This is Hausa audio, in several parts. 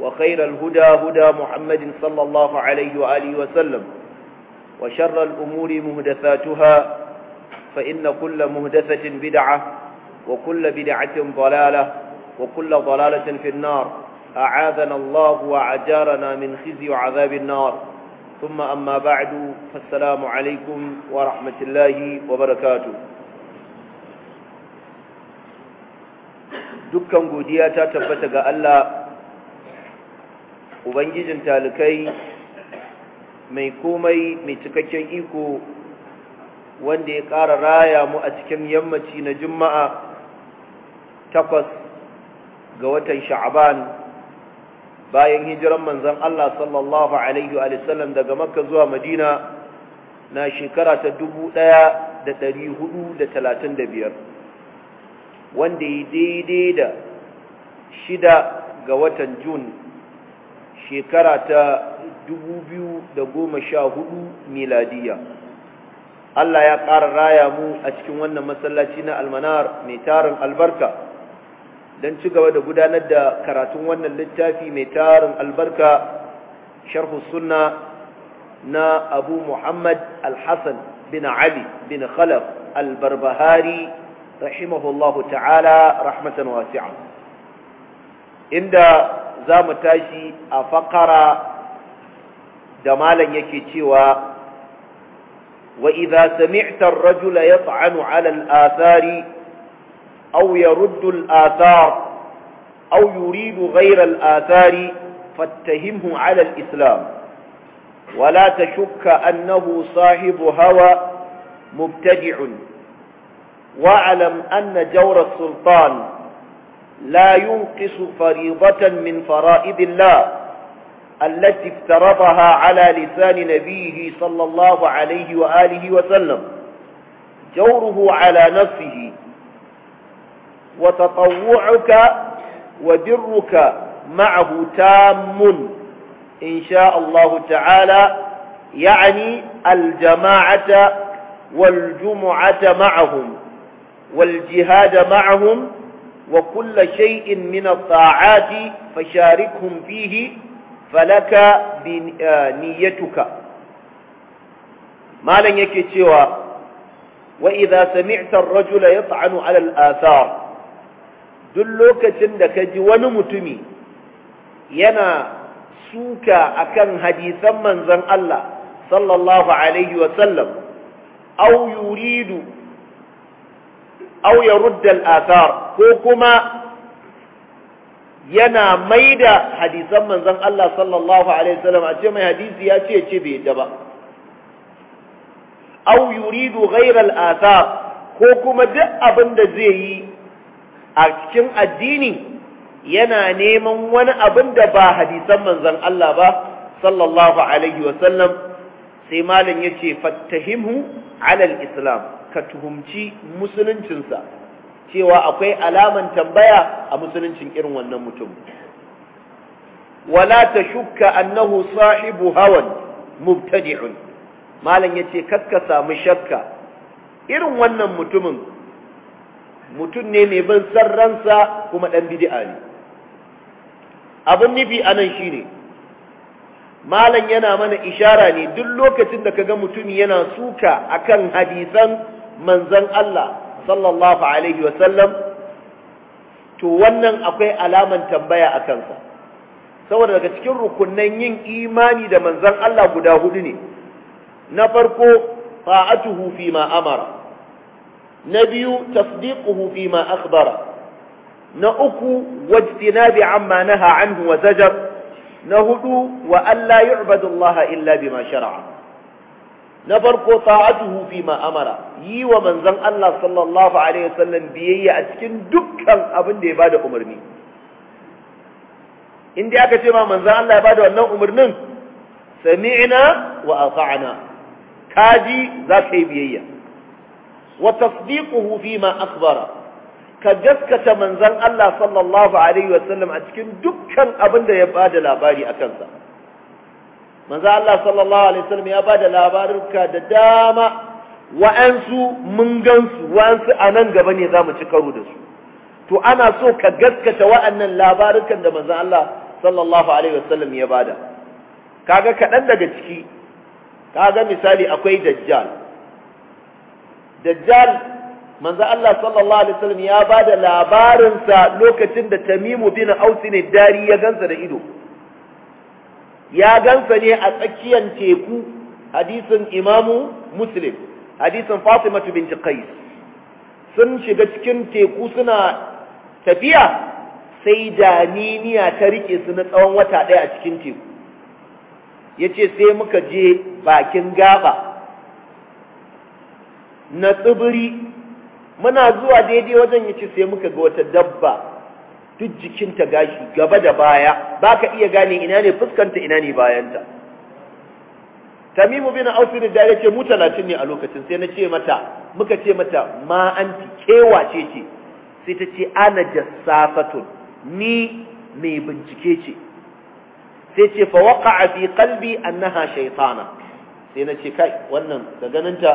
وخير الهدى هدى محمد صلى الله عليه وآله وسلم وشر الأمور مهدثاتها فإن كل مهدثة بدعة وكل بدعة ضلالة وكل ضلالة في النار أعاذنا الله وعجارنا من خزي وعذاب النار ثم أما بعد فالسلام عليكم ورحمة الله وبركاته دكا قدياتا تبتغى ألا ubangijin talikai mai komai mai cikakken iko wanda ya ƙara raya mu a cikin yammaci na juma'a takwas ga watan sha'aban bayan hijiran manzan Allah sallallahu Alaihi wasallam daga makka zuwa madina na shekara ta dubu ɗaya da ɗari hudu da talatin da biyar wanda ya daidai da shida ga watan jun shekara ta 2014 miladiya Allah ya ƙara raya mu a cikin wannan masallaci na almanar mai tarin albarka don ci gaba da gudanar da karatun wannan littafi mai tarin albarka sharhu sunna na abu muhammad alhassan bin ali bin khalaf albarbahari rahimahullahu ta'ala rahmatan wasi'a inda za mu tashi a fakara da malan yake cewa wa idza sami'ta ar-rajula yat'anu 'ala al-athari aw yaruddu al-athar aw yuridu ghayra al-athari fattahimhu 'ala al-islam wa la tashukka annahu sahibu hawa mubtadi'un wa'lam anna jawra as-sultan لا ينقص فريضة من فرائض الله التي افترضها على لسان نبيه صلى الله عليه وآله وسلم جوره على نفسه وتطوعك ودرك معه تام إن شاء الله تعالى يعني الجماعة والجمعة معهم والجهاد معهم وكل شيء من الطاعات فشاركهم فيه فلك بنيتك آه، ما لن يكتوى سوى وإذا سمعت الرجل يطعن على الآثار دلوك تندك جوان متمي ينا سوكا أكن هديثا من زن الله صلى الله عليه وسلم أو يريد Au ya ruddal athar ko kuma yana maida hadisan manzan Allah sallallahu alaihi wasallam a ce mai hadisi ya ce ce bai da ba Au yuridu ghayra al ko kuma duk abin da zai yi a cikin addini yana neman wani abin da ba hadisan manzan Allah ba sallallahu alaihi wasallam sai malam yace fattahimhu alal al islam ka tuhumci musuluncinsa cewa akwai alaman tambaya a musuluncin irin wannan mutum wala ta shukka annahu sahibu hawan mubtadi'un malam yace kaska samu shakka irin wannan mutumin mutum ne mai bin san ransa kuma dan bid'a ne abin nufi anan shine malam yana mana ishara ne duk lokacin da ka ga mutum yana suka akan hadisan manzon Allah sallallahu alaihi wasallam to wannan akwai alaman tambaya a kansa saboda daga cikin rukunan yin imani da manzon Allah guda hudu ne na farko ta'atuhu fi ma amara na biyu tasdiquhu fi ma akhbara na uku wajtinabi amma naha anhu wa zajar na hudu wa alla yu'badu Allah illa bima shar'a na farko ta'atuhu fi ma amara yi wa manzon Allah sallallahu alaihi wasallam biyayya a cikin dukkan abin da ya bada umarni in dai aka ce ma manzon Allah ya bada wannan umarnin sami'na wa ata'na kaji za ka yi biyayya wa tasdiquhu fi ma akhbara ka gaskata manzon Allah sallallahu alaihi wasallam a cikin dukkan abin da ya bada labari akan sa manzo Allah sallallahu alaihi wasallam ya bada ka da dama wa'ansu mun gansu wa'ansu a nan gaba ne zamu ci karo da su to ana so ka gaskata wa'annan labarukan da manzo Allah sallallahu alaihi wasallam ya bada kaga kaɗan daga ciki kaga misali akwai dajjal dajjal manzo Allah sallallahu alaihi wasallam ya bada labarinsa lokacin da Tamimu bin ausi ne dari ya gansa da ido ya gansa ne a tsakiyar teku hadisin imamu muslim hadisin fatimatu bin qais sun shiga cikin teku suna tafiya sai daniniya ta rike su na tsawon wata ɗaya a cikin teku ya ce sai muka je bakin gaba na tsibiri muna zuwa daidai wajen ya ce sai muka ga wata dabba duk jikinta gashi gaba da baya baka iya gane ina ne fuskanta ina ne bayanta tamimu bin ausir da ya ce mu talatin ne a lokacin sai na ce mata muka ce mata ma anti kewa ce ce sai ta ce ana jassafatun ni mai bincike ce sai ce fa waqa'a fi qalbi annaha shaytana sai na ce kai wannan da ganinta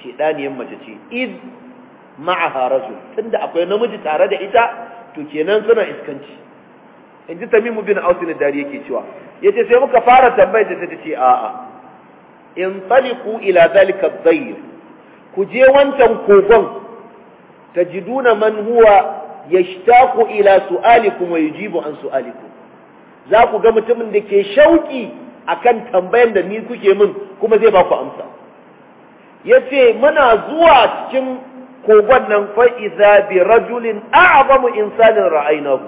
shedaniyan mace ce id ma'aha rajul tunda akwai namiji tare da ita to kenan suna iskanci in ji tamimu bin ausin dari yake cewa yace sai muka fara tambayar da ta ce a'a in taliku ila zalika dhayr ku je wancan kogon tajiduna man huwa yashtaqu ila su'alikum wa yujibu an su'alikum za ku ga mutumin da ke shauki akan tambayan da ni kuke min kuma zai ba ku amsa yace muna zuwa cikin kogon nan fa'iza bi rajulin a'azamu insanin ra'ainahu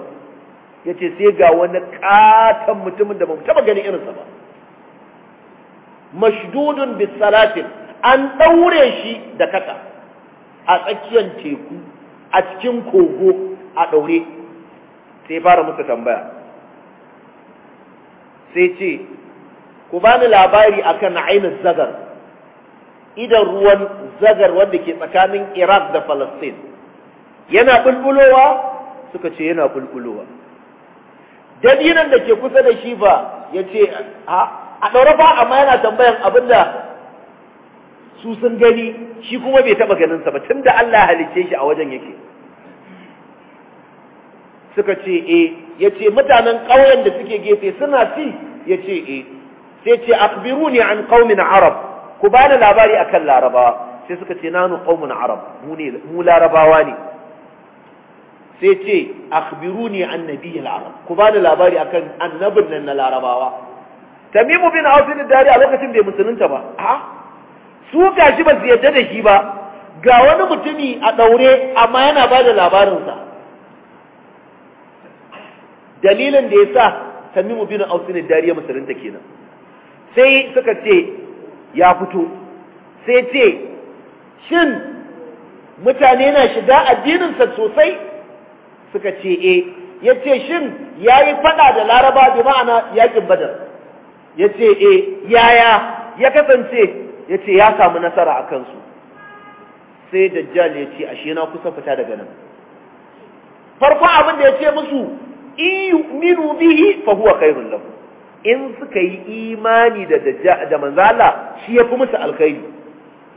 ya ce sai ga wani ƙaton mutumin da ba mu taɓa ganin irinsa ba mashdudun bi an ɗaure shi da kasa a tsakiyar teku a cikin kogo a ɗaure sai fara musu tambaya sai ce ku bani labari akan ainihin zagar idan ruwan zagar wanda ke tsakanin Iraq da Palestine yana bulbulowa suka ce yana bulbulowa dadinan da ke kusa da shi ba ya ce a ɗaura ba amma yana tambayan abin da su sun gani shi kuma bai taɓa ganinsa ba tun da Allah halicce shi a wajen yake suka ce e ya ce mutanen ƙauyen da suke gefe suna ci? ya ce e sai ce akbiruni an qaumin arab ku ba da labari akan larabawa sai suka ce nanu qaumun arab mu mu larabawa ne sai ce akhbiruni an nabiyil arab ku ba da labari akan annabin nan na larabawa tamimu bin awfin dari dariya lokacin bai musulunta ba a ah, su gashi ba su yarda da shi ba ga wani mutumi a daure amma yana ba da labarinsa dalilin da ya sa tamimu bin awfin dari ya musulunta kenan sai suka ce ya fito sai ce shin mutane na shiga addininsa sosai suka ce eh ya ce shin ya yi fada da laraba bi ma'ana yakin badar ya ce eh yaya ya kasance ya ce ya samu nasara a kansu sai dajjal ya ce ashe na kusa fita daga nan farko abin da ya ce musu in yu'minu bihi fa huwa khairun lakum in suka yi imani da da manzala shi shi yafi musu alkhairi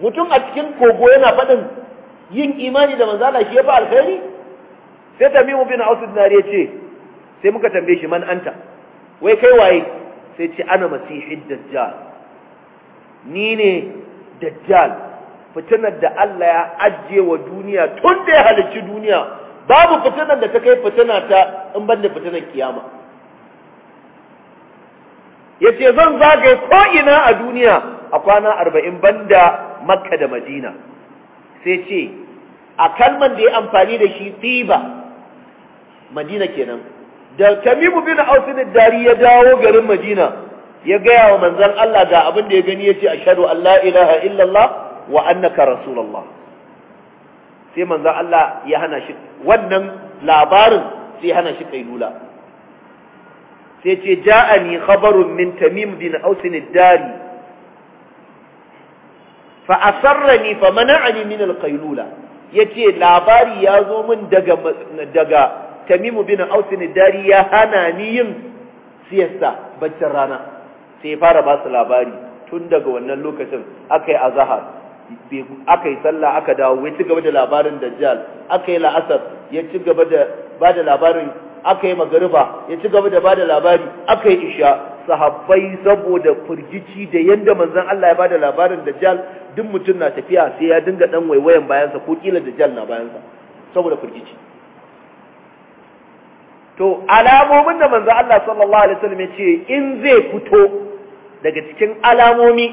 mutum a cikin kogo yana fadin yin imani da Manzala shi ya fi alkhairi sai Tamimu bin Aus dinari ce, sai muka tambaye shi man anta wai kai waye sai ce ana masihin dajjal ni ne dajjal fitinar da Allah ya ajje wa duniya tun da ya halicci duniya babu fitinar da ta kai fitina ta in banda fitinar kiyama ya ce zan zagaye ko'ina a duniya a kwana arba'in banda makka da madina sai ce a kalman da ya amfani da shi tiba madina kenan da tamimu bin ausin dari ya dawo garin madina ya gaya wa manzan Allah ga abin da ya gani ya ce a shaɗu Allah ilaha illallah wa annaka rasulallah sai manzan Allah ya hana shi wannan labarin sai hana shi kailula sai ce ja'ani khabarun min tamim bin ausin dari fa asarrani fa mana'ani min alqailula yace labari ya zo min daga daga tamim bin ausin dari ya hana ni yin siyasa baccin rana sai ya fara ba su labari tun daga wannan lokacin akai azhar aka sallah aka dawo ya ci gaba da labarin dajjal aka la'asar ya ci gaba da ba da labarin aka yi magariba ya ci gaba da bada labari aka yi isha sahabbai saboda firgici da yadda manzan Allah ya bada labarin da jal duk mutum na tafiya sai ya dinga dan waiwayan bayansa ko kila da jal na bayansa saboda firgici to alamomin da manzan Allah sallallahu alaihi wasallam ya ce in zai fito daga cikin alamomi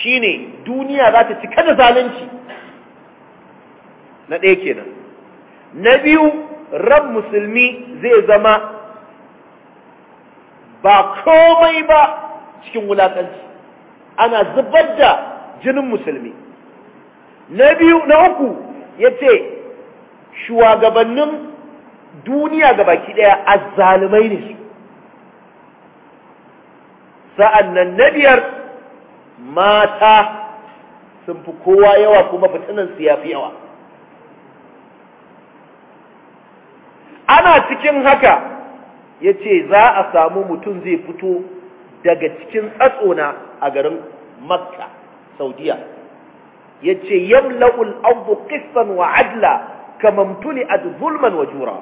shine duniya za ta cika da zalunci na ɗaya kenan na biyu ran musulmi zai zama ba komai ba cikin wulakanci ana zubar da jinin musulmi na biyu na uku ya ce shugabannin duniya ga baki ɗaya azzalumai ne su sa'an nan na biyar mata sun fi kowa yawa kuma fitinansu ya fi yawa ana cikin haka ya ce za a samu mutum zai fito daga cikin tsatsona a garin makka saudiya ya ce yamla'ul abu kistan wa adla kamar tuni a zulman wa jura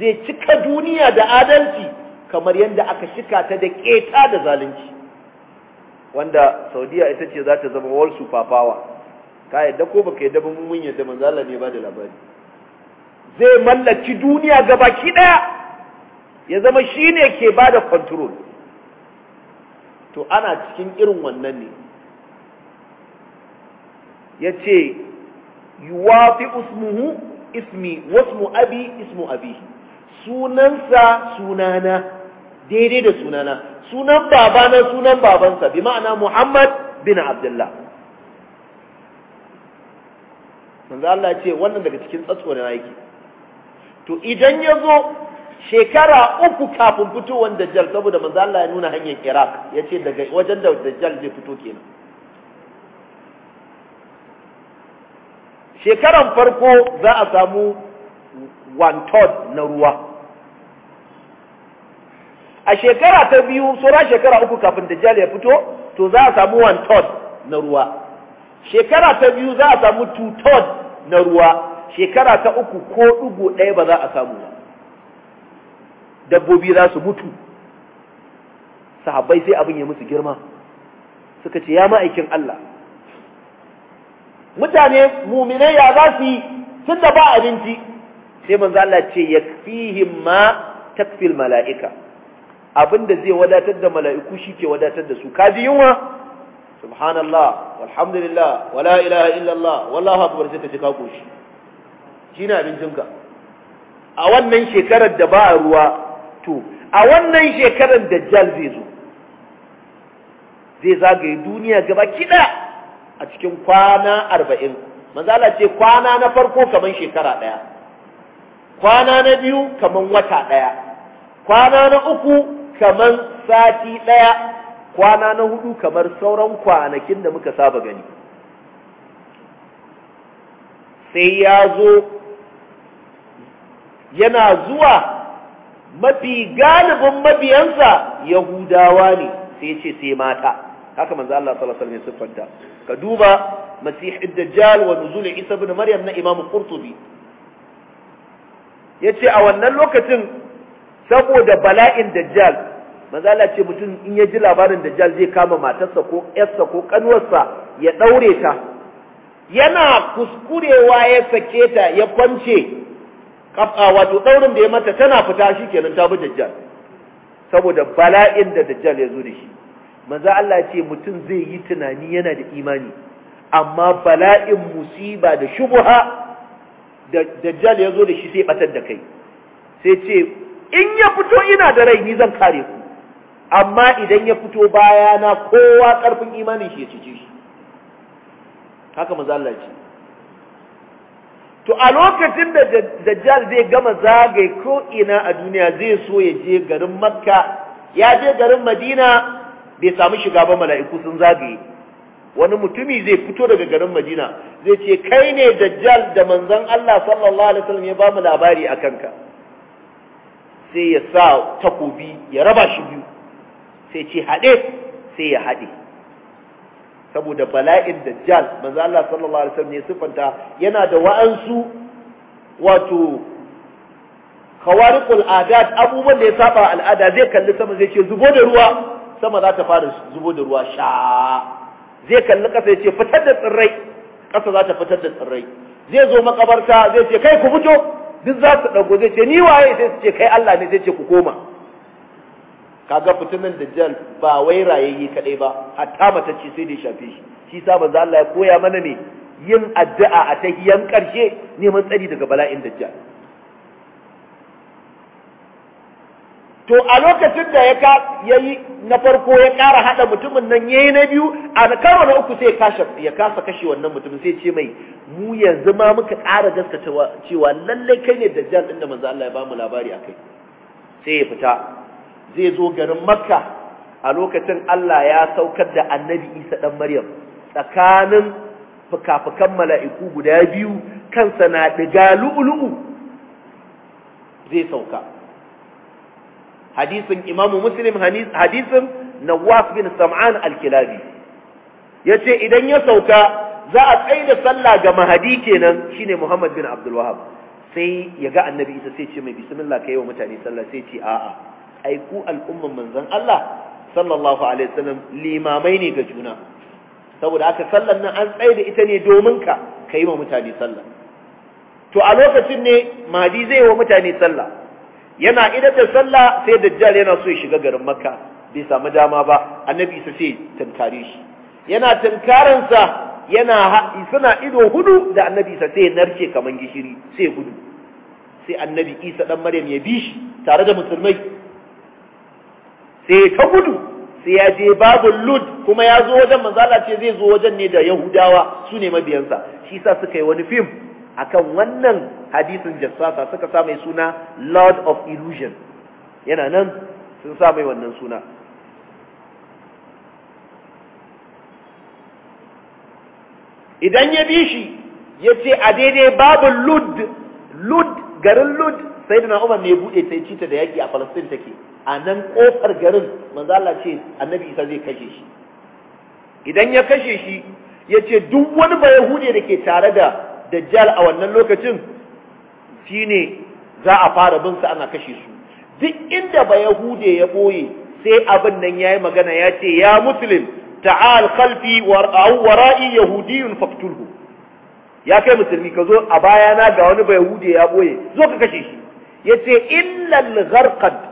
zai cika duniya da adalci kamar yadda aka shika ta da keta da zalunci wanda saudiya ita ce za ta zama world superpower ka yadda ko baka yadda ba mun yadda manzala ne ba da labari zai mallaki duniya ga baki ya zama shine ke bada kwantarol. to ana cikin irin wannan ne yace yuwafi usmuhu? ismi wasmu abi ismu abi sunansa sunana daidai da sunana sunan babana sunan babansa bi ma'ana Muhammad bin Abdullah manzo Allah ya ce wannan daga cikin tsatsuwar yake to idan ya zo shekara uku kafin fitowar dajjal saboda manzo Allah ya nuna hanyar Iraq yace daga wajen da dajjal zai fito kenan shekaran farko za a samu one third na ruwa a shekara ta biyu saura shekara uku kafin dajjal ya fito to za a samu one third na ruwa shekara ta biyu za a samu two third na ruwa shekara ta uku ko ɗugu ɗaya ba za a samu ba dabbobi za su mutu sahabbai sai abin ya musu girma suka ce ya ma'aikin Allah mutane muminai ya za su yi tun da ba abinci sai manzo Allah ce yakfihim ma takfil mala'ika abinda zai wadatar da mala'iku shi ke wadatar da su kaji yunwa subhanallah walhamdulillah wala ilaha illallah wallahu akbar sai ka ji ka koshi shine abincinka a wannan shekarar da ba ruwa to a wannan shekarar da jal zai zo zai zagaye duniya gaba kida a cikin kwana arba'in manzala ce kwana na farko kaman shekara ɗaya kwana na biyu kaman wata ɗaya kwana na uku kaman sati ɗaya kwana na hudu kamar sauran kwanakin da muka saba gani sai ya zo yana zuwa mafi galibin mabiyansa yahudawa ne sai ce sai mata haka manzo Allah sallallahu alaihi wasallam siffanta ka duba masih ad-dajjal wa nuzul isa ibn maryam na imam qurtubi yace a wannan lokacin saboda bala'in dajjal manzo Allah ce mutum in ya ji labarin dajjal zai kama matarsa ko yarsa ko kanuwarsa ya daure ta yana kuskurewa ya sake ta ya kwance Ah, wato daurin da ya mata tana fita shi kenan ta bi dajjal saboda bala'in da dajjal ya zo da shi manzo Allah ce mutum zai yi tunani yana da imani amma bala'in musiba da shubha da dajjal ya zo da shi sai batar da kai sai ce in ya fito ina da rai ni zan kare ku amma idan ya fito baya na kowa karfin imanin shi ya cije shi haka manzo Allah ce to a lokacin da dajjal zai gama zagaye ko ina a duniya zai so ya je garin makka ya je garin madina bai samu shiga ba mala'iku sun zagaye wani mutumi zai fito daga garin madina zai ce kai ne dajjal da manzon Allah sallallahu alaihi wasallam ya ba mu labari a kanka sai ya sa takobi ya raba shi biyu sai ce haɗe sai ya haɗe saboda bala'in dajjal manzo Allah sallallahu alaihi wasallam ne sifanta yana da wa'ansu wato khawariqul adat abubuwan da ya saba al'ada zai kalli sama zai ce zubo da ruwa sama za ta fara zubo da ruwa sha zai kalli kasa ya ce fitar da tsirrai kasa za ta fitar da tsirrai zai zo makabarta zai ce kai ku fito duk za su dago zai ce ni waye sai su ce kai Allah ne zai ce ku koma kaga fitinan dajjal ba wai rayayye kadai ba hatta ce sai da shafe shi shi sa manzo Allah ya koya mana ne yin addu'a a tahiyan karshe neman tsari daga bala'in dajjal to a lokacin da ya ka yayi na farko ya kara hada mutumin nan yayi na biyu a karo na uku sai kashe ya kasa kashe wannan mutumin sai ce mai mu yanzu ma muka kara gaskata cewa lalle kai ne dajjal din da manzo Allah ya ba mu labari akai sai ya fita zai zo garin makka a lokacin Allah ya saukar da annabi isa dan maryam tsakanin fuka-fukan mala'iku guda biyu kansa na diga lu'ulu'u zai sauka hadisin imamu muslim hadisin nawas bin sam'an al-kilabi yace idan ya sauka za a tsaye da sallah ga mahadi kenan shine Muhammad bin Abdulwahab sai ya ga annabi isa sai ce mai bismillah kai wa mutane sallah sai ce a'a Aiku ku al'umman manzon Allah sallallahu alaihi wasallam limamai ne ga juna saboda haka sallah nan an tsaye da ita ne domin ka kai wa mutane sallah to a lokacin ne mahdi zai wa mutane sallah yana idar da sallah sai dajjal yana so ya shiga garin makka bai samu dama ba annabi isa sai tankare shi yana tankaransa yana suna ido hudu da annabi isa sai narke kamar gishiri sai gudu sai annabi isa dan maryam ya bi shi tare da musulmai sai ta gudu sai ya je babu lud kuma ya zo wajen manzala ce zai zo wajen ne da yahudawa su ne mabiyansa shi sa suka yi wani fim akan wannan hadisin jassasa suka sa mai suna lord of illusion yana nan sun sa mai wannan suna idan ya bi shi ya ce a daidai babu lud lud garin lud sai da na'umar ne ya buɗe ta yi cita da yaƙi a falastin take a nan kofar garin manzo Allah ce annabi Isa zai kashe shi idan ya kashe shi ya ce duk wani ba Yahudiya da ke tare da Dajjal a wannan lokacin shine za a fara bin sa ana kashe su duk inda ba Yahudiya ya boye sai abin nan yayi magana ya ce ya muslim ta'al khalfi wara'i Yahudiyun faqtulhu ya kai musulmi ka zo a bayana ga wani ba Yahudiya ya boye zo ka kashe shi yace illal gharqad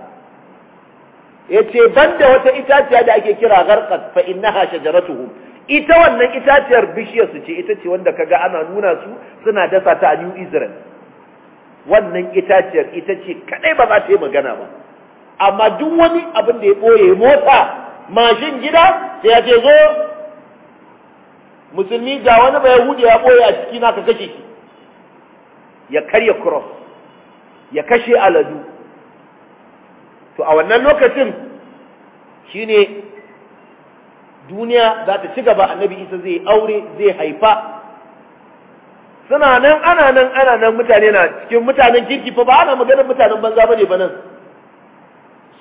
yace banda wata itaciya da ake kira gharqat fa innaha shajaratuhum ita wannan itaciyar bishiyar su ce ita ce wanda kaga ana nuna su suna dasa ta a New Israel wannan itaciyar ita ce kadai ba za ta yi magana ba amma duk wani abin da ya boye mota mashin gida sai ya ce zo musulmi ga wani ba yahudi ya boye a ciki na ka kashe shi ya karya cross ya kashe aladu to a wannan lokacin shi ne duniya za ta ci gaba annabi isa zai aure zai haifa suna nan ana nan ana nan mutane na cikin mutanen kirki fa ba ana maganar mutanen banza ba ne ba nan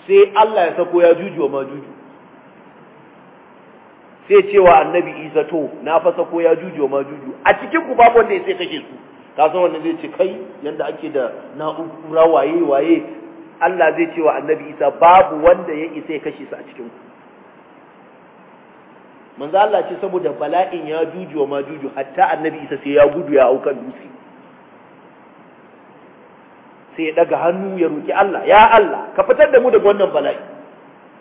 sai Allah ya sako ya juju ma juju sai cewa annabi isa to na fa sako ya juju ma juju a cikin ku babu wanda sai kashe su ka san zai ce kai yanda ake da na'ura waye waye Allah zai ce wa annabi Isa babu wanda ya isa ya kashe su a cikin ku manzo Allah ce saboda bala'in ya juju wa majuju hatta annabi Isa sai ya gudu ya aukar dutse sai ya daga hannu ya roki Allah ya Allah ka fitar da mu daga wannan bala'i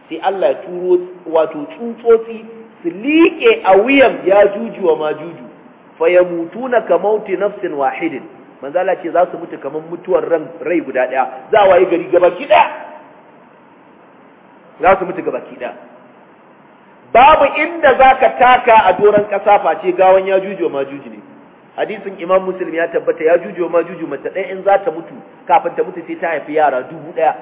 sai Allah ya turo wato tsuntsotsi su liƙe a wuyan ya juju wa majuju yamutuna ka mauti nafsin wahidin manzo Allah ce za su mutu kaman mutuwar ran rai guda daya za a waye gari gabaki daya za su mutu gabaki daya babu inda zaka taka a doran kasa face gawan ya jujo ma juji ne hadisin imam muslim ya tabbata ya jujo ma juju mace ɗaya in za ta mutu kafin ta mutu sai ta haifi yara dubu ɗaya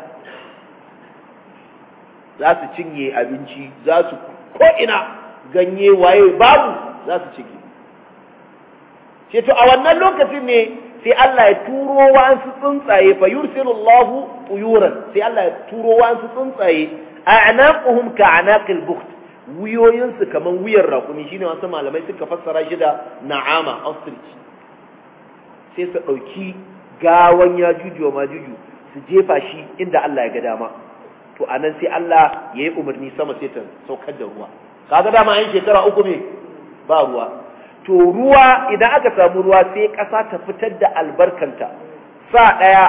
za su cinye abinci za su ko ina ganye waye babu za su cinye ce to a wannan lokacin ne sai Allah ya turo wa'ansu tsuntsaye fa yursilu tuyuran sai Allah ya turo wa'ansu tsuntsaye a'naquhum ka'anaqil bukht wuyoyinsu kaman wuyar raƙumi shine wasu malamai suka fassara shi da na'ama ostrich sai su dauki gawan ya juju ma juju su jefa shi inda Allah ya ga dama to anan sai Allah ya yi umarni sama sai ta saukar da ruwa kaga dama an shekara uku ne ba ruwa to ruwa idan aka samu ruwa sai ƙasa ta fitar da albarkanta sa ɗaya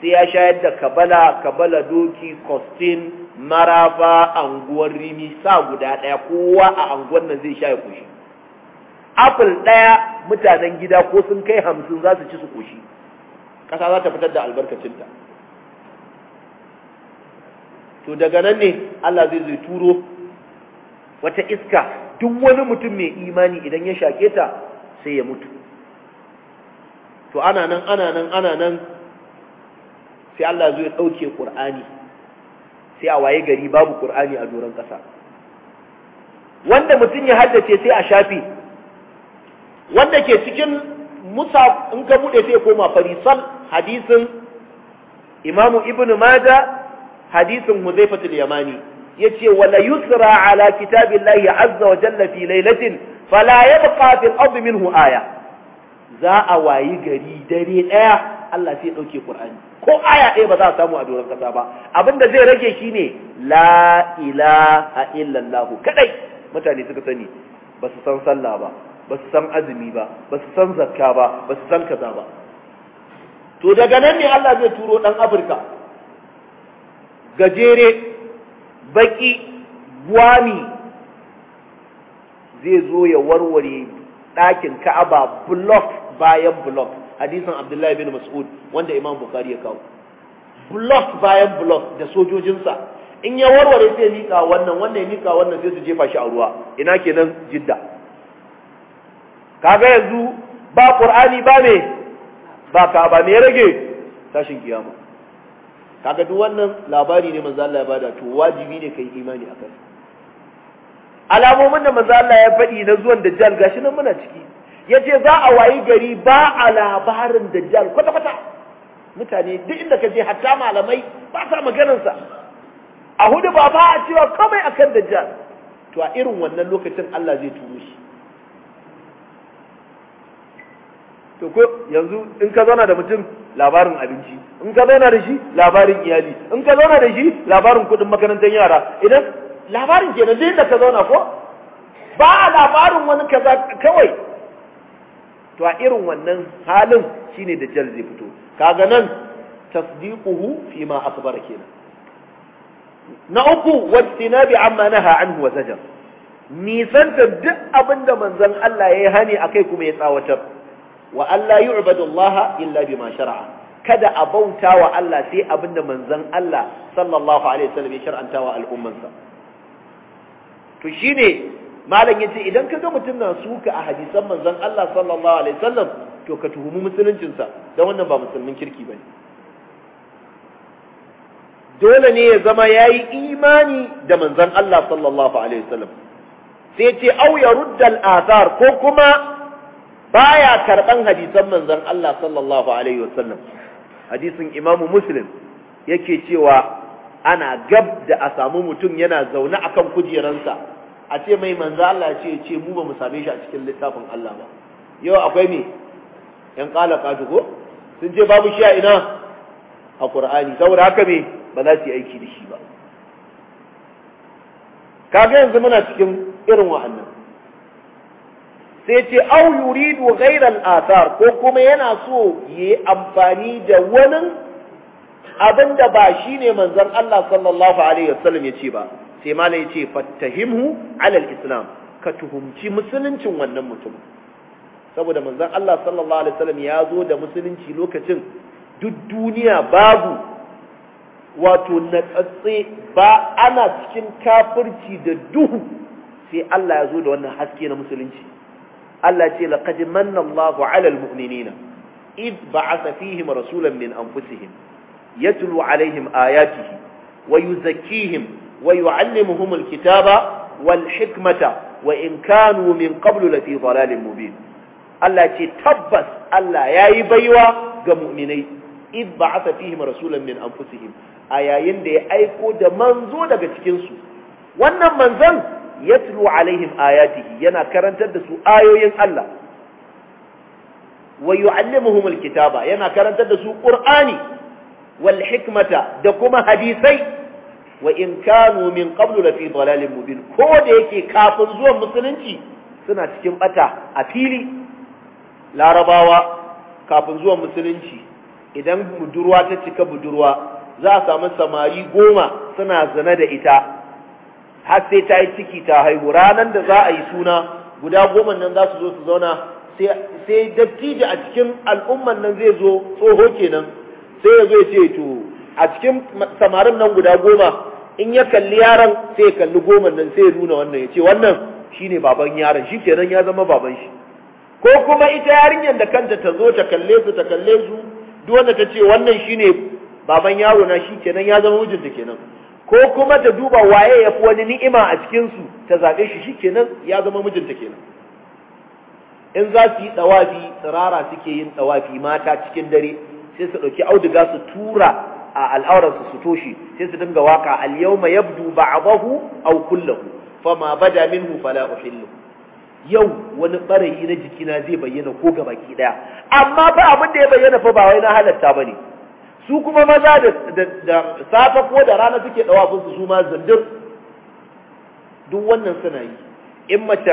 sai ya shayar da kabala kabala doki kostin marafa anguwar rimi sa guda ɗaya kowa a anguwar nan zai sha ya kushi apple ɗaya mutanen gida ko sun kai hamsin za su ci su kushi ƙasa za ta fitar da albarkacinta to daga nan ne allah zai zai turo wata iska duk wani mutum mai imani idan ya shaƙe ta sai ya mutu to ana nan ana nan ana nan sai Allah zai ɗauke ƙur'ani sai a waye gari babu ƙur'ani a doron ƙasa wanda mutum ya haddace sai a shafi. wanda ke cikin musa in ka buɗe sai koma farisal hadisin imamu ibnu mada hadisin huzaifatul yamani yace wala yusra ala kitabillahi azza wa jalla fi lailatin fala yabqa fil ardi minhu aya za a wayi gari dare daya Allah sai dauke Qur'ani ko aya ɗaya ba za a samu a doron kasa ba abinda zai rage shine la ilaha illallah kadai mutane suka sani ba su san sallah ba ba su san azumi ba ba su san zakka ba ba su san kaza ba to daga nan ne Allah zai turo dan Afirka gajere baki buwami zai zo ya warware ɗakin ka'aba block bayan block hadisin abdullahi bin mas'ud wanda imam bukari ya kawo block bayan block da sojojinsa in ya warware sai mika wannan wannan ya mika wannan sai su jefa shi a ruwa ina kenan jidda kaga yanzu ba qur'ani ba me ba ka me rage tashin kiyama kaga duk wannan labari ne manzo Allah ya bada to wajibi ne kai imani akan alamomin da manzo Allah ya faɗi na zuwan dajjal gashi nan muna ciki yace za a wayi gari ba a labarin dajjal kwata kwata mutane duk inda kaje hatta malamai ba sa maganar sa a hudu ba ba a cewa komai akan dajjal to a irin wannan lokacin Allah zai turo shi to ko yanzu in ka zauna da mutum labarin abinci in ka zauna da shi labarin iyali in ka zauna da shi labarin kuɗin makarantar yara idan labarin kenan duk da ka zauna ko ba labarin wani kaza kawai to a irin wannan halin shine da jal zai fito kaga nan tasdiquhu fi ma akbar kenan na uku wastinabi amma naha anhu wa zajar nisanta duk abinda manzon Allah ya yi hani akai kuma ya tsawatar wa Allah yi ubadullaha illa ma shara'a. kada a bauta wa Allah sai abinda manzon Allah sallallahu alaihi wasallam ya shar'anta wa al'ummansa to shine malam yace idan kaga mutum na suka a hadisan manzon Allah sallallahu alaihi wasallam to ka tuhumi musuluncinsa Da wannan ba musulmin kirki bane dole ne ya zama yayi imani da manzon Allah sallallahu alaihi wasallam sai ce au ya ruddal al'athar ko kuma baya karban hadisan manzon Allah sallallahu alaihi wasallam hadisin Imam Muslim yake cewa ana gab da a samu mutum yana zaune akan kujeransa a ce mai manzo Allah ya ce ya ce mu ba mu same shi a cikin littafin Allah ba yau akwai me yan kala kadu ko sun ce babu shi a ina a Qur'ani saboda haka me ba za su yi aiki da shi ba kaga yanzu muna cikin irin wa'annan sai ce au yuridu ghairal athar ko kuma yana so yayi amfani da wani abin da ba shine manzon Allah sallallahu alaihi wasallam ce ba sai malai yace fattahimhu ala islam ka tuhumci musuluncin wannan mutum saboda manzon Allah sallallahu alaihi wasallam ya zo da musulunci lokacin duk duniya babu wato natsatse ba ana cikin kafirci da duhu sai Allah ya zo da wannan haske na musulunci Allah ce laqad manna Allahu 'alal mu'minina id ba'atha fihim rasulan min anfusihim yatlu 'alaihim ayatihi wa yuzakkihim wa yu'allimuhum al-kitaba wal hikmata wa in kanu min qablu lafi dhalalin mubin Allah ce tabbas Allah yayi baiwa ga mu'minai id ba'atha fihim rasulan min anfusihim a yayin da ya aiko da manzo daga cikin su wannan manzon yatlu alaihim ayatihi yana karantar da su ayoyin Allah wa yu'allimuhum alkitaba yana karantar da su qur'ani wal hikmata da kuma hadisai wa in kanu min qablu la fi dalalin mubin ko da yake kafin zuwan musulunci suna cikin bata a fili larabawa kafin zuwan musulunci idan budurwa ta cika budurwa za a samu samari goma suna zana da ita har sai ta yi ciki ta haihu ranar da za a yi suna guda goma nan za su zo su zauna sai dattijo a cikin al'umman nan zai zo tsoho kenan sai ya zo ya ce to a cikin samarin nan guda goma in ya kalli yaron sai ya kalli goma nan sai ya nuna wannan ya ce wannan shine baban yaron shi kenan ya zama baban shi ko kuma ita yarinyar da kanta ta zo ta kalle su ta kalle su duk wanda ta ce wannan shine baban yaro na shi kenan ya zama mijinta kenan ko kuma ta duba waye ya fi wani ni'ima a cikinsu ta zaɓe shi shikenan ya zama mijinta kenan in za su yi ɗawafi tsirara suke yin tsawafi mata cikin dare sai su ɗauki auduga su tura a al'auransu su toshe sai su dinga waka al-yawma yabdu ba'dahu aw kullahu fama bada minhu fala uhillu yau wani ɓarayi na jikina zai bayyana ko gabaki ɗaya, amma ba abin da ya bayyana fa ba wai na halatta ne. su kuma maza da safa ko da rana suke dawafinsu su ma zandir duk wannan suna yi in mace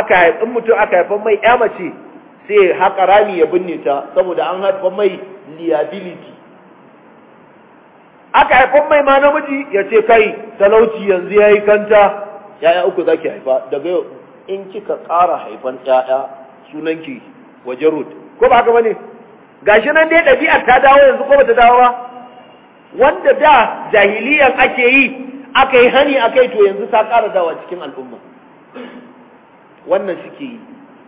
aka in mutum aka mai ya mace sai haka rami ya binne ta saboda an haifan mai liability aka haifan mai ma namiji ya ce kai talauci yanzu ya yi kanta ya'ya uku za ki haifa daga yau in kika ƙara haifan ya'ya sunanki Wajen road ko ba haka ba ne gashi nan dai ɗabi'ar ta dawo yanzu ko ta dawo ba wanda da jahiliyan ake yi aka yi hani aka yi to yanzu ta ƙara dawa cikin al'umma wannan suke yi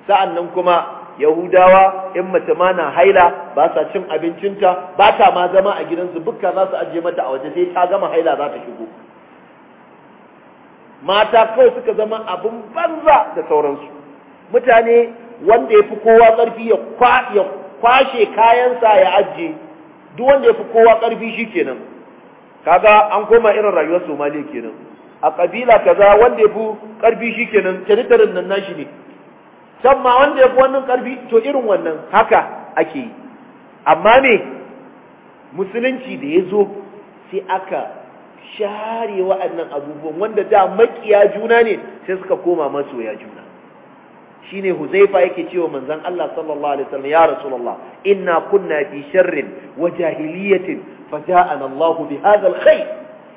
sa'an nan kuma yahudawa in mace ma na haila ba sa cin abincinta ba ta ma zama a gidansu bukka za su ajiye mata a waje sai ta gama haila za ta shigo mata kawai suka zama abin banza da sauransu mutane wanda ya fi kowa ƙarfi ya kwashe kayansa ya ajiye duk wanda ya fi kowa ƙarfi shi kenan kaga an koma irin rayuwar somaliya kenan a kabila kaza wanda ya fi ƙarfi shi kenan tiritirin nan nashi ne can ma wanda ya fi wannan ƙarfi to irin wannan haka ake yi amma me musulunci da ya zo sai aka share wa'annan abubuwan wanda da makiya juna ne sai suka koma masoya juna shine Huzaifa yake cewa manzan Allah sallallahu alaihi wasallam ya rasulallah inna kunna fi sharrin wa jahiliyatin faja'ana Allah bi hadha alkhair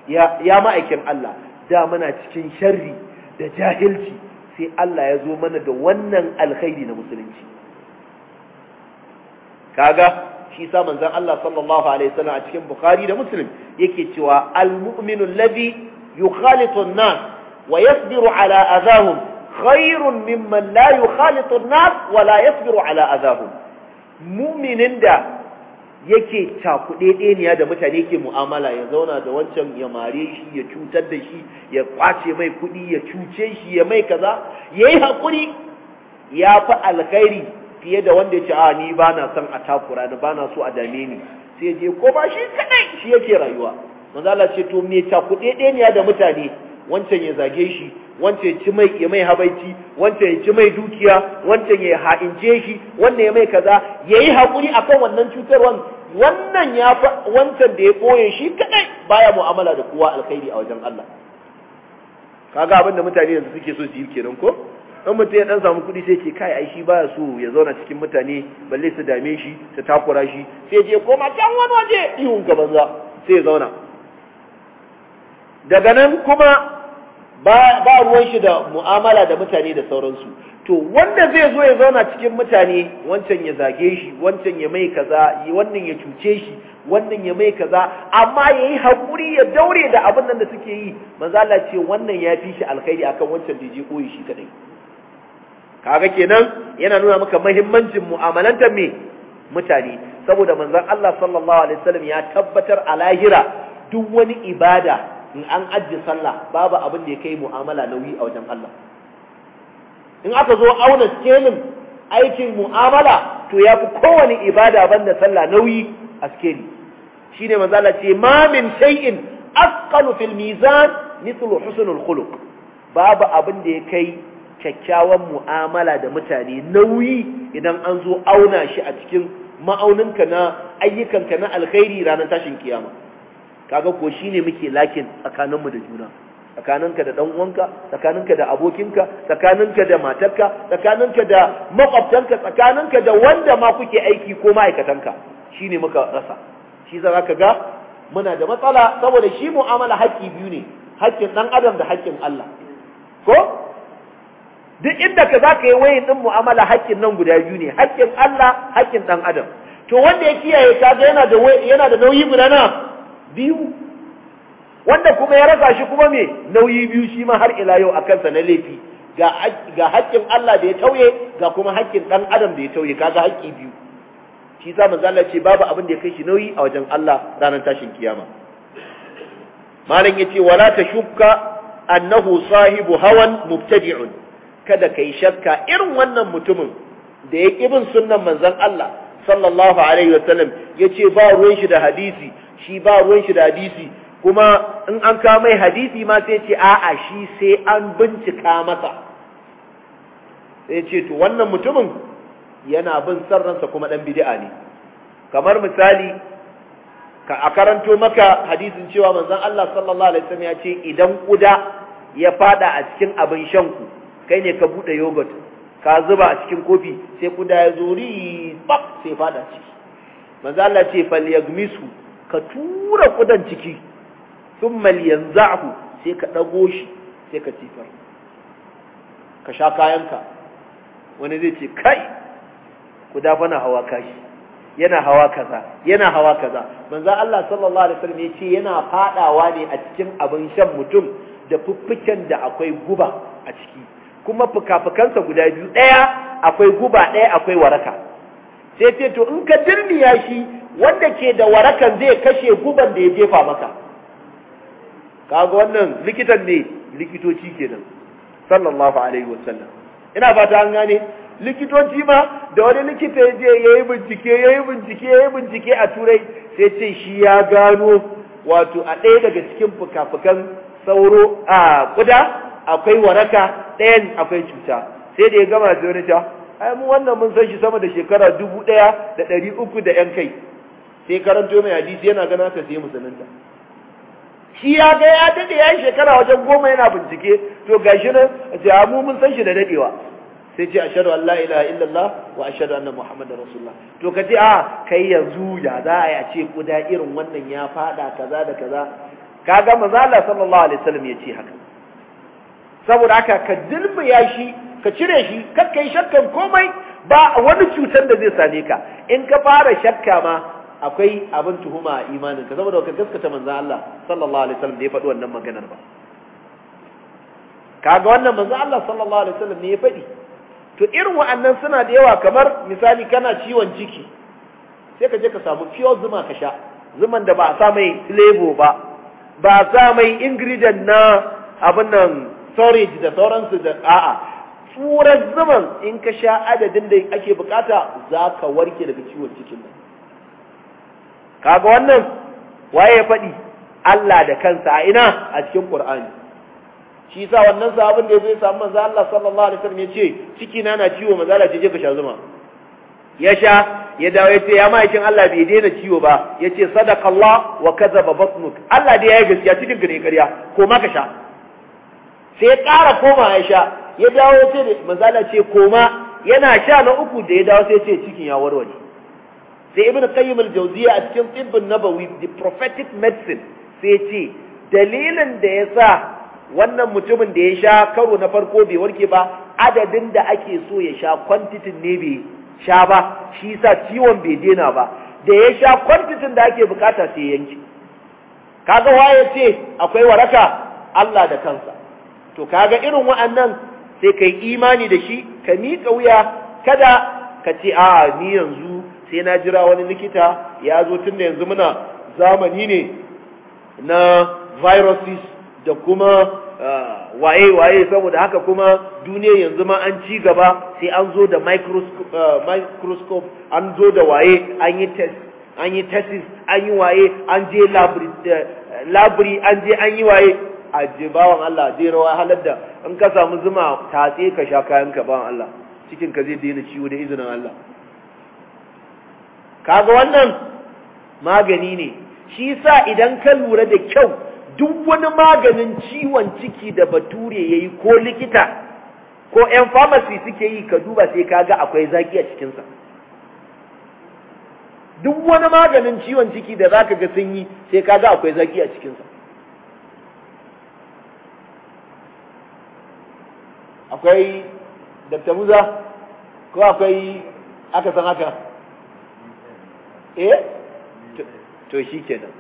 ya ya ma'aikin Allah da muna cikin sharri da jahilci sai Allah ya zo mana da wannan alkhairi na musulunci kaga shi sa manzon Allah sallallahu alaihi wasallam a cikin Bukhari da Muslim yake cewa almu'minu alladhi yukhalitu an-nas wa yasbiru ala adahum خير ممن لا يخالط الناس nas يصبر على ala دا mu'minin da yake cakuɗeɗeniya da mutane ke mu'amala ya zauna da wancan ya mare shi ya cutar da shi ya kwace mai kuɗi ya cuce shi ya mai kaza ya yi haƙuri ya fi alkhairi fiye da wanda ya ce a ni ba na son a takura ni ba na so a dame ni sai je ko ba shi kaɗai shi yake rayuwa manzala ce to me cakuɗeɗeniya da mutane wancan ya zage shi wancan ci mai mai habaici wancan ya ci mai dukiya wancan ya ha'ince shi wannan ya mai kaza yayi hakuri akan wannan cutarwan wannan ya wancan da ya koye shi kadai baya mu'amala da kowa alkhairi a wajen Allah kaga abin da mutane yanzu suke so su yi kenan ko in mutum ya dan samu kuɗi sai ke kai ai shi baya so ya zauna cikin mutane balle su dame shi su takura shi sai je koma can wani waje ihun ga banza sai ya zauna daga nan kuma ba ruwan shi da mu'amala da mutane da sauransu to wanda zai zo ya zauna cikin mutane wancan ya zage shi wancan ya mai kaza wannan ya cuce shi wannan ya mai kaza amma ya yayi haƙuri ya daure da abin nan da suke yi manzala ce wannan ya fi shi alkhairi akan wancan da je koyi shi kadai kaga kenan yana nuna maka muhimmancin mu'amalantar me mutane saboda manzon Allah sallallahu alaihi wasallam ya tabbatar a lahira duk wani ibada in an ajiye sallah babu abin da ya kai mu'amala nauyi a wajen Allah in aka zo auna skelin aikin mu'amala to ya fi kowane ibada banda sallah nauyi a skeli shi ne manzala ce ma min shay'in asqalu fil mizan mithlu husnul khuluq babu abin da ya kai kyakkyawan mu'amala da mutane nauyi idan an zo auna shi a cikin ma'auninka na ayyukanka na alkhairi ranar tashin kiyama kaga ko shine muke lakin tsakaninmu da juna tsakaninka da dan uwanka tsakaninka da abokinka tsakaninka da matarka tsakaninka da makwabtanka tsakaninka da wanda ma kuke aiki ko ma'aikatanka shine muka rasa shi za ka ga muna da matsala saboda shi mu'amala haƙƙi biyu ne haƙƙin dan adam da haƙƙin Allah ko duk inda ka za ka yi wayin din mu'amala haƙƙin nan guda biyu ne haƙƙin Allah haƙƙin dan adam to wanda ya kiyaye ga yana da yana da nauyi guda na biyu wanda kuma ya rasa shi kuma me nauyi biyu shi ma har ila yau a kansa na laifi ga haƙƙin Allah da ya tauye ga kuma haƙƙin dan adam da ya tauye kaga haƙƙi biyu shi sa manzo Allah babu abin da ya kai shi nauyi a wajen Allah ranar tashin kiyama malam yace wala tashukka annahu sahibu hawan mubtadi'un kada kai shakka irin wannan mutumin da ya bin sunnan manzon Allah sallallahu alaihi wasallam yace ba ruwan shi da hadisi shi ba ruwan shi da hadisi kuma in an kawo mai hadisi ma sai ce a'a shi sai an bincika masa sai ce to wannan mutumin yana bin san ransa kuma dan bid'a ne kamar misali ka a karanto maka hadisin cewa manzon Allah sallallahu alaihi wasallam ya ce idan kuda ya fada a cikin abin shan ku kai ne ka bude yogurt ka zuba a cikin kofi sai kuda ya zo ri sai fada ciki manzon Allah ce yagmisu ka tura kudan ciki sun maliyan za'ahu sai ka ɗago shi sai ka cifar. ka sha kayanka wani zai ce kai kuda fana hawa kashi yana hawa kaza yana hawa kaza manzan Allah sallallahu alaihi wasallam ce yana fadawa ne a cikin abin shan mutum da fuffuken da akwai guba a ciki kuma fuka-fukansa guda biyu ɗaya akwai guba ɗaya akwai waraka sai ce to in ka dirniya shi wanda ke da warakan zai kashe guban da ya jefa maka kaga wannan likitan ne likitoci kenan sallallahu alaihi wasallam ina fata an gane likitoci ma da wani likita ya je yayi bincike yayi bincike yayi bincike a turai sai ce shi ya gano wato a ɗaya daga cikin fukafukan sauro a kuda akwai waraka ɗayan akwai cuta sai da ya gama da wani ta ai mu wannan mun san shi sama da shekara dubu ɗaya da ɗari uku da ‘yan kai sai karanto mai hadisi yana gana ka sai musulunta shi ya ga ya daɗe ya yi shekara wajen goma yana bincike to shi nan a mu mun san shi da daɗewa sai ce ashadu an la ilaha illallah wa ashadu anna muhammadu rasulullah to ka ce a kai yanzu ya za a yi a ce guda irin wannan ya faɗa kaza da kaza kaga manzo Allah sallallahu alaihi wasallam ya ce haka saboda haka ka dilbiya shi ka cire shi kakkai yi shakkan komai ba wani cutar da zai same ka in ka fara shakka ma akwai abin tuhuma a imanin ka saboda ka gaskata manzon Allah sallallahu alaihi wasallam da ya faɗi wannan maganar ba kaga wannan manzon Allah sallallahu alaihi wasallam ne ya faɗi to irin wa'annan suna da yawa kamar misali kana ciwon ciki sai ka je ka samu fiyo zuma ka sha zuman da ba a sa mai lebo ba ba a sa mai ingredient na abin nan storage da sauransu da a'a furar zuman in ka sha adadin da ake bukata za ka warke daga ciwon cikin nan kaga wannan waye ya faɗi Allah da kansa a ina a cikin Qur'ani shi yasa wannan sabon da zai samu manzo Allah sallallahu alaihi wasallam yace ciki na na ciwo manzo Allah je ka sha zuma ya sha ya dawo yace ya ma'aikin Allah bai daina ciwo ba yace sadaqallah wa kadhaba batnuk Allah dai ya gaskiya cikin gare ƙarya ko ma ka sha sai ya kara koma ya sha ya dawo sai da manzala ce koma yana sha na uku da ya dawo sai ce cikin ya warware sai ibn qayyim al-jawziya a cikin tibbin nabawi the prophetic medicine sai ce dalilin da ya sa wannan mutumin da ya sha karo na farko bai warke ba adadin da ake so ya sha kwantitin ne bai sha ba shi sa ciwon bai dena ba da ya sha kwantitin da ake bukata sai yanki kaga waye ce akwai waraka Allah da kansa to kaga irin wa'annan sai ka yi imani da shi ka miƙa wuya kada ka ce a ni yanzu sai na jira wani likita ya zo tun da yanzu muna zamani ne na viruses da kuma waye-waye uh, saboda haka kuma duniya yanzu ma an ci gaba sai an zo da uh, microscope an zo da waye an yi test an yi tesis an yi waye an je uh, labri an je an yi waye a jibawan Allah je rawa halar da in ka samu zuma tatse ka sha kayan ka ban Allah cikin ka zai daina ciwo da izinin Allah kaga wannan magani ne shi yasa idan ka lura da kyau duk wani maganin ciwon ciki da bature yayi ko likita ko ƴan pharmacy suke yi ka duba sai kaga akwai zaki a cikin sa duk wani maganin ciwon ciki da zaka ga sun yi sai kaga akwai zaki a cikin sa akwai dr muza ko akwai aka san haka eh to shi kenan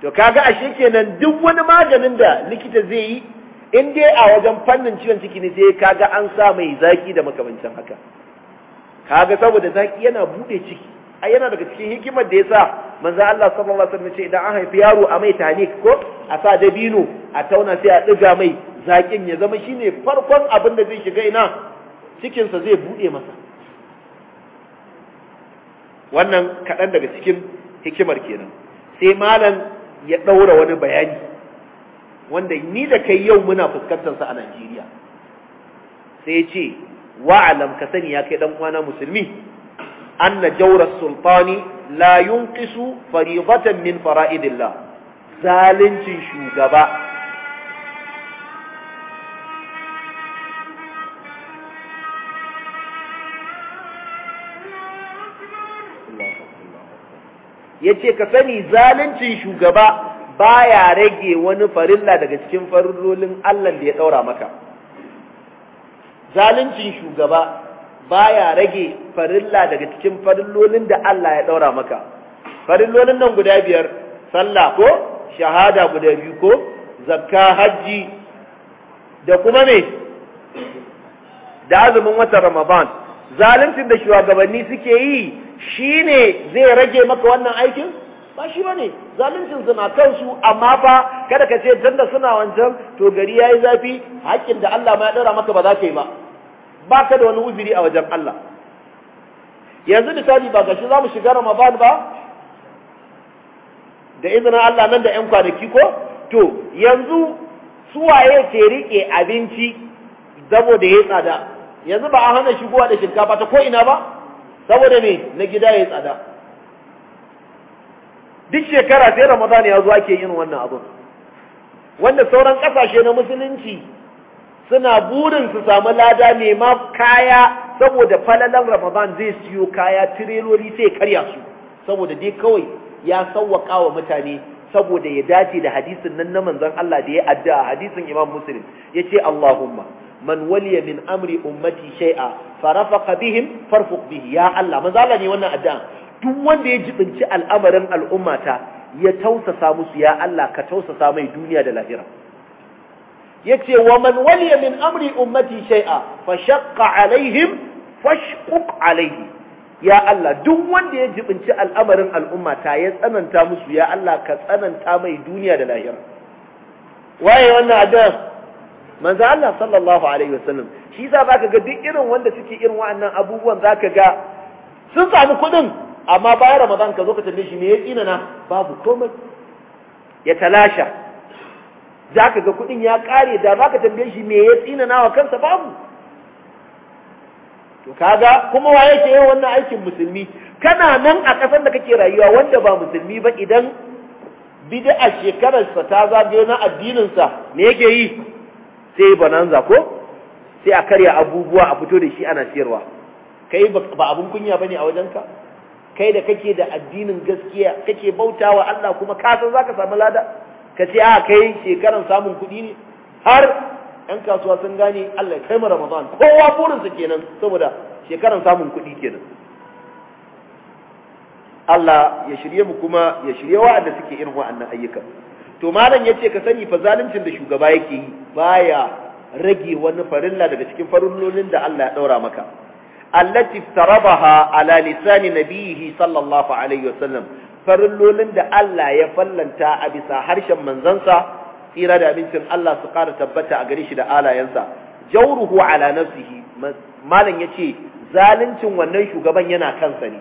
to kaga ashe kenan duk wani maganin da likita zai yi in dai a wajen fannin ciwon ciki ne sai kaga an sa mai zaki da makamancin haka kaga saboda zaki yana bude ciki a yana daga cikin hikimar da ya yasa manzo Allah sallallahu alaihi wasallam ce idan an haifi yaro a mai tanik ko a sa dabino a tauna sai a diga mai zaƙin ya zama shine farkon abin da zai shiga ina cikinsa zai buɗe masa wannan kaɗan daga cikin hikimar kenan sai malam ya ɗaura wani bayani wanda ni da kai yau muna fuskantarsa a Najeriya sai ya ce wa'alam ka sani ya kai ɗan kwana musulmi anna jawra sultani la yunqisu fariqatan min fara'idillah zalincin shugaba yace ka sani zaluncin shugaba baya rage wani farilla daga cikin farillolin Allah da ya daura maka zaluncin shugaba baya rage farilla daga cikin farillolin da Allah ya daura maka farillolin nan guda biyar sallah ko shahada guda biyu ko zakka hajji da kuma me da azumin watan ramadan zaluncin da shugabanni suke yi shi ne zai rage maka wannan aikin ba shi ba ne zaluncin suna kansu amma fa kada ka ce dan suna wancan to gari ya yi zafi haƙƙin da Allah ma ya ɗora maka ba za ka yi ba ba ka da wani uzuri a wajen Allah yanzu misali ba shi za mu shiga Ramadan ba da izinin Allah nan da 'yan kwanaki ko to yanzu suwaye ke riƙe abinci saboda ya tsada yanzu ba a hana shigowa da shinkafa ta ko ina ba saboda me na gida ya tsada duk shekara sai ramadan ya zo ake yin wannan abin wanda sauran kasashe na musulunci suna burin su samu lada ne ma kaya saboda falalan ramadan zai siyo kaya tireloli sai karya su saboda dai kawai ya sauwaka wa mutane saboda ya dace da hadisin nan na manzon Allah da ya addu'a hadisin Imam Muslim yace Allahumma man waliya min amri ummati shay'a farafaqa bihim farfuq bihi ya Allah manzo Allah ne wannan addu'a duk wanda ya jibinci al'amarin al'ummata ya tausasa musu ya Allah ka tausasa mai duniya da lahira yace wa man waliya min amri ummati shay'a fashaqqa alaihim fashquq alaihi ya Allah duk wanda ya jibinci al'amarin al'ummata ya tsananta musu ya Allah ka tsananta mai duniya da lahira waye wannan addu'a manzo Allah sallallahu alaihi wasallam shi za zaka ga duk irin wanda suke irin wa'annan abubuwan zaka ga sun samu kuɗin amma bayan Ramadan ka zo ka tambaye shi me ya tsina na babu komai ya talasha zaka ga kuɗin ya kare da zaka tambaye shi me ya tsina na wa kansa babu to kaga kuma wa ke yin wannan aikin musulmi kana nan a ƙasar da kake rayuwa wanda ba musulmi ba idan bid'a shekarar sa ta zagaye na addinin sa me yake yi sai bananza ko sai a karya abubuwa a fito da shi ana siyarwa kai ba abun kunya bane a wajenka kai da kake da addinin gaskiya kake bautawa Allah kuma ka san zaka samu lada ka ce a ah, kai shekaran samun kuɗi ne har ɗan kasuwa sun gane Allah kai mu Ramadan kowa burinsa kenan saboda shekaran samun kuɗi kenan Allah ya shirye mu kuma ya shirye wa'anda suke irin wa'annan ayyukan to malam yace ka sani fa zaluncin da shugaba yake yi baya rage wani farilla daga cikin farillolin da Allah ya daura maka allati tarabaha ala lisan nabiyhi sallallahu alaihi wasallam farillolin da Allah ya fallanta a bisa harshen manzansa tsira da abincin Allah su kara tabbata a gare shi da alayensa jawruhu ala nafsihi malam yace zaluncin wannan shugaban yana kansa ne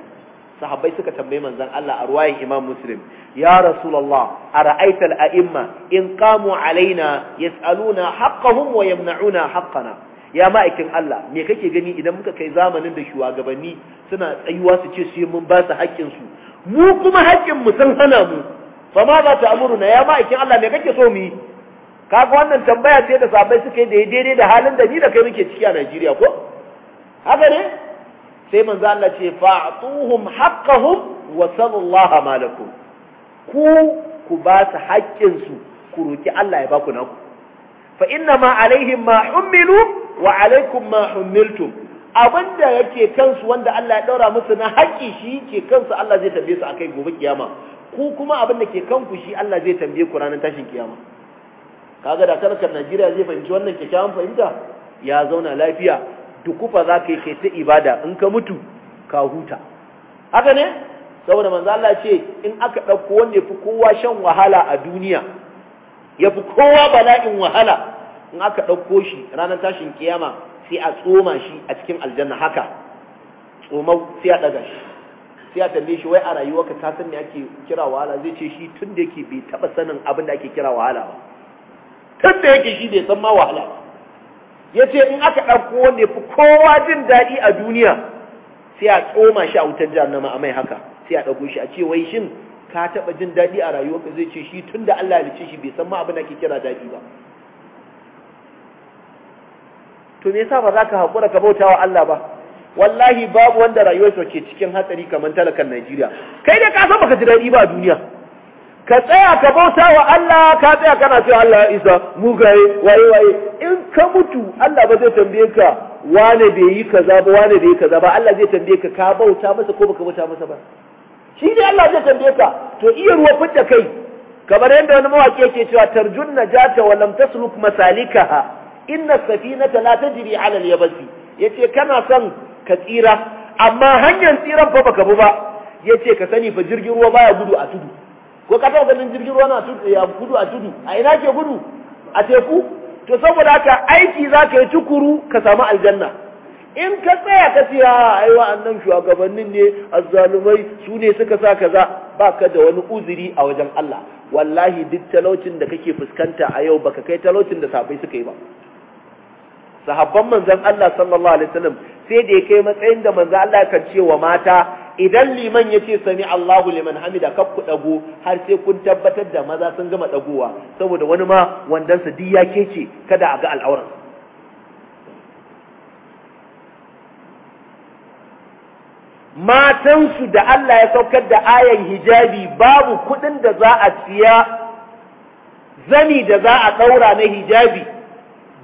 sahabbai suka tambaye manzon Allah a ruwayin Imam Muslim ya Rasulullah ara'aita al-a'imma in qamu alaina yas'aluna haqqahum wa yamna'una haqqana ya ma'aikin Allah me kake gani idan muka kai zamanin da shugabanni suna tsayuwa su ce sai mun ba su haƙƙin su mu kuma haƙƙin mu sun hana mu fa ma za ta amuruna ya ma'aikin Allah me kake so mu yi kaga wannan tambaya ce da sahabbai suka yi da daidai da halin da ni da kai muke ciki a Najeriya ko haka ne sai manzo Allah ce fa'tuhum haqqahum wa sallallahu malakum ku ku ba su haƙƙin su ku roki Allah ya baku naku fa inna ma alaihim ma hummilu wa alaikum ma hummiltum abinda yake kansu wanda Allah ya daura musu na haƙƙi shi ke kansu Allah zai tambaye su akai gobe kiyama ku kuma abin da ke kanku shi Allah zai tambaye ku ranar tashin kiyama kaga da talakar Najeriya zai fahimci wannan kyakkyawan fahimta ya zauna lafiya dukufa za ka yi kai ta ibada in ka mutu ka huta haka ne saboda Manzala Allah ce in aka ɗauko wanda ya fi kowa shan wahala a duniya ya fi kowa bala'in wahala in aka ɗauko shi ranar tashin kiyama sai a tsoma shi a cikin aljanna haka tsomau sai a ɗaga shi sai a tambaye shi wai a rayuwa ka san me ake kira wahala zai ce shi tun da yake bai taɓa sanin abin da ake kira wahala ba tun da yake shi bai san ma wahala ba ya ce in aka ɗauko wanda ya fi kowa jin daɗi a duniya sai a tsoma shi a wutar jahannama a mai haka sai a ɗauko shi a ce wai shin ka taɓa jin daɗi a rayuwarka zai ce shi tun da Allah ya ce shi bai san ma abin da ke kira daɗi ba to me yasa ba za ka haƙura ka bauta wa Allah ba wallahi babu wanda rayuwarsa ke cikin hatsari kamar talakan Najeriya kai da ka san baka ji daɗi ba a duniya ka tsaya ka bauta wa Allah ka tsaya kana cewa Allah ya isa mugaye waye waye in ka mutu Allah ba zai tambaye ka wane bai yi kaza ba wane bai yi kaza ba Allah zai tambaye ka ka bauta masa ko baka bauta masa ba shi ne Allah zai tambaye ka to iya ruwa fitta kai kamar yadda wani mawaki yake cewa tarjun najata wa lam tasluk masalikaha inna safinata la tajri ala al-yabsi yace kana son ka tsira amma hanyar tsiran fa baka bu ba yace ka sani fa jirgin ruwa baya gudu a tudu ko ka taɓa ganin jirgin ruwa na gudu a tudu a ina ke gudu a teku to saboda haka aiki za ka yi tukuru ka samu aljanna in ka tsaya ka ce a ai anan shugabannin ne azzalumai su ne suka sa kaza ka da wani uzuri a wajen Allah wallahi duk talaucin da kake fuskanta a yau baka kai talaucin da sabai suka yi ba sahabban manzon Allah sallallahu alaihi wasallam sai da ya kai matsayin da manzon Allah kan ce wa mata idan liman ya ce sami Allahu liman hamida kaf ku dago har sai kun tabbatar da maza sun gama dagowa saboda wani ma wandansa duk ya kece kada a ga al'auran su da Allah ya saukar da ayan hijabi babu kudin da za a siya zani da za a daura na hijabi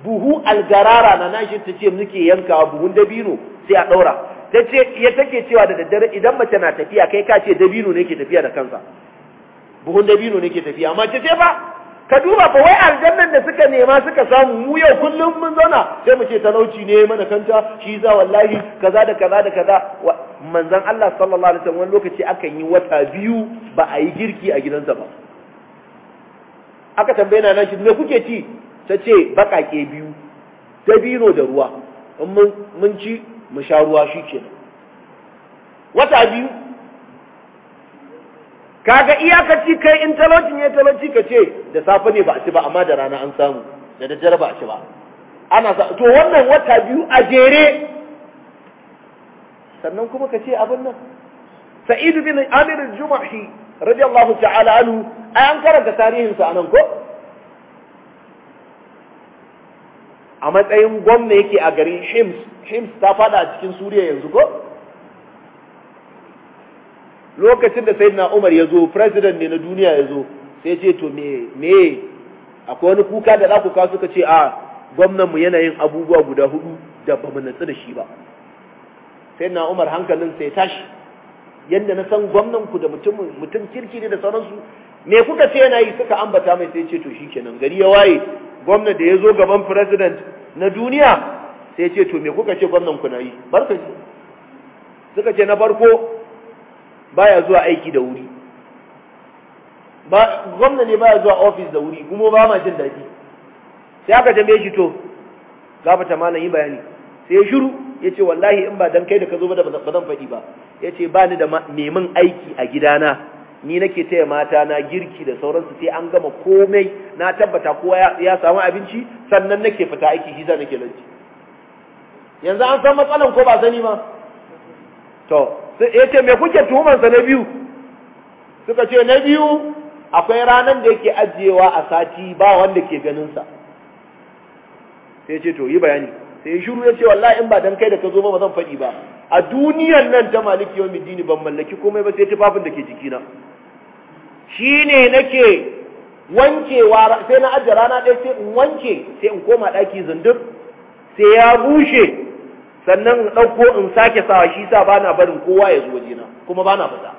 buhu algarara na nashi ta ce muke yankawa buhun dabino sai a daura ta ya take cewa da daddare idan mace na tafiya kai ka ce dabino ne ke tafiya da kansa buhun dabino ne ke tafiya amma ce ce fa ka duba fa wai aljannan da suka nema suka samu mu yau kullum mun zauna sai mu ce talauci ne mana kanta shi za wallahi kaza da kaza da kaza manzon Allah sallallahu alaihi wasallam lokaci akan yi wata biyu ba a yi girki a gidansa ba aka tambaye na shi me kuke ci ta ce baƙaƙe biyu dabino da ruwa mun ci Musharuwa sha ruwa shi ke wata biyu kaga iyakaci kai in talauci ya talauci ka ce da safe ne ba a ci ba amma da rana an samu da daddare ba a ci ba ana sa to wannan wata biyu a jere sannan kuma ka ce abin nan sa'idu bin amir al-jumahi radiyallahu ta'ala anhu ai an karanta tarihinsa anan ko a matsayin gwamna yake a garin shims shims ta fada a cikin Suriya yanzu ko lokacin da Sayyidina Umar ya zo president ne na duniya ya zo sai ce to me me akwai wani kuka da za ku kawo suka ce a gwamnanmu mu yana yin abubuwa guda hudu da ba mu natsu da shi ba na Umar hankalin sai tashi yadda na san gwamnanku da mutum kirki ne da sauransu me kuka ce yana yi suka ambata mai sai ce to shi shikenan gari ya waye gwamna da ya zo gaban president na duniya sai ce to me kuka ce gwamnan ku na yi barka barkaci suka ce na farko baya zuwa aiki da wuri ba gwamna ne baya zuwa office da wuri kuma ba ma jin daɗi sai aka tambaye shi to gafata malam yi bayani sai ya shiru ya ce wallahi in ba dan kai da ka zo ba ba zan faɗi ba ya ce ba ni da neman aiki a gidana ni nake taya mata na girki da sauransu sai an gama komai na tabbata kowa ya samu abinci sannan nake fita aiki shi nake lanci yanzu an san matsalan ko ba sani ma to sai yace me kuke tuhuman sa na biyu suka ce na biyu akwai ranan da yake ajiyewa a sati ba wanda ke ganin sa sai ce to yi bayani sai shiru ya ce wallahi in ba dan kai da ka zo ba zan faɗi ba a duniyar nan ta maliki yawon dini ban mallaki komai ba sai tufafin da ke jikina shine ne nake wankewa sai na ajiye rana ɗaya sai in wanke sai in koma ɗaki zindir sai ya bushe sannan in ɗauko in sake sawa shi sa ba na barin kowa ya zo wajena kuma ba na fita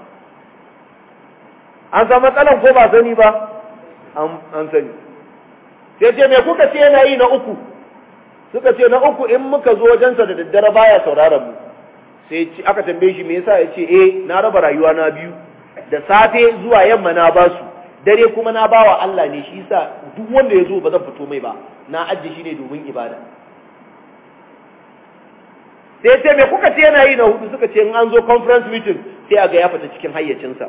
an san matsalan ko ba sani ba an sani sai ce me kuka ce yana yi na uku suka ce na uku in muka zo wajensa da daddare baya sauraron mu sai aka tambaye shi me yasa ya ce eh na raba rayuwa na biyu da safe zuwa yamma na ba su dare kuma na bawa Allah ne shi yasa duk wanda ya zo ba zan fito mai ba na ajiye shi ne domin ibada sai ce me kuka ce yana yi na hudu suka ce in an zo conference meeting sai a ga ya fita cikin hayyacinsa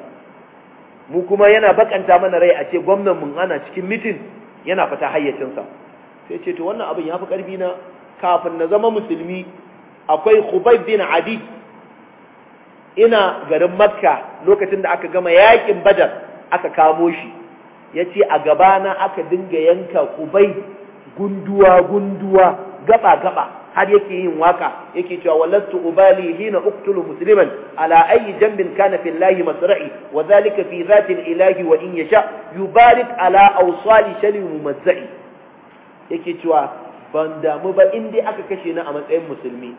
mu kuma yana bakanta mana rai a ce gwamnan mun ana cikin meeting yana fita hayyacinsa sai ce to wannan abin ya fi ƙarfi na kafin na zama musulmi akwai Khubayb bin Adi ina garin Makka lokacin da aka gama yakin Badar aka kamo shi yace a gabana aka dinga yanka Khubayb gunduwa gunduwa gaba gaba har yake yin waka yake cewa wallastu ubali hina uqtulu musliman ala ayi jambin kana fillahi masra'i wa dhalika fi dhati ilahi wa in yasha yubarik ala awsali shali mumazzai yake cewa ban damu ba in aka kashe ni a matsayin musulmi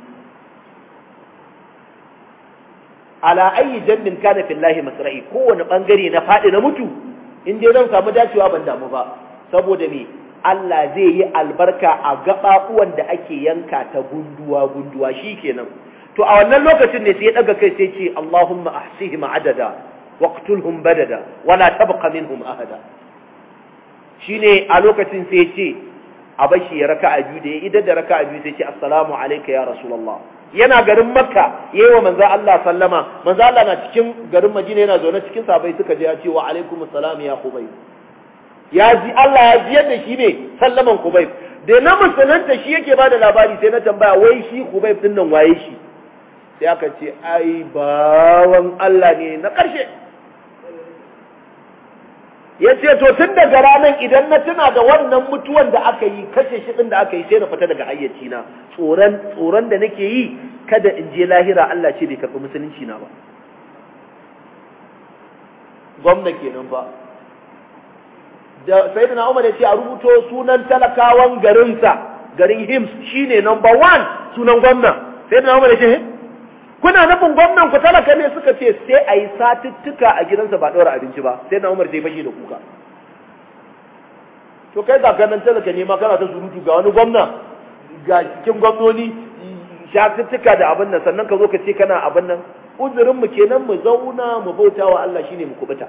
ala ayi jannin kana fillahi masra'i kowane bangare na fadi na mutu in zan samu dacewa ban damu ba saboda me Allah zai yi albarka a gaɓaɓuwan da ake yanka ta gunduwa gunduwa shikenan to a wannan lokacin ne sai ya daga kai sai ce Allahumma ahsihim adada waqtulhum badada wala tabqa minhum ahada shine a lokacin sai ya ce a bashi ya raka a biyu da ya idar da raka biyu sai ce assalamu alaika ya rasulullah yana garin makka ya yi wa manzan Allah sallama manzan Allah na cikin garin majina yana zaune cikin sabai suka je ya ce wa alaikum salam ya kubai ya ji Allah ya ji yadda shi ne sallaman kubai da na musulunta shi yake ba da labari sai na tambaya wai shi kubai din nan waye shi sai aka ce ai bawan Allah ne na karshe ya ce to tun daga ranar idan na tuna da wannan mutuwan da aka yi kashe shi ɗin da aka yi sai na fita daga ayyaci na tsoron da nake yi kada in je lahira Allah ce bai karɓi musulunci na ba gwamna kenan ba da sayyidina Umar ya ce a rubuto sunan talakawan garinsa garin Hims shine number 1 sunan gwamna sayyidina Umar ya ce eh? kuna nufin gwamnan ku talaka ne suka ce sai a yi satuttuka a gidansa ba ɗora abinci ba sai na umar yi fashi da kuka to kai ga ganin talaka ne ma kana ta surutu ga wani gwamna ga cikin gwamnoni satuttuka da abin nan sannan ka zo ka ce kana abin nan uzurin mu kenan mu zauna mu bauta wa Allah shine mu kubuta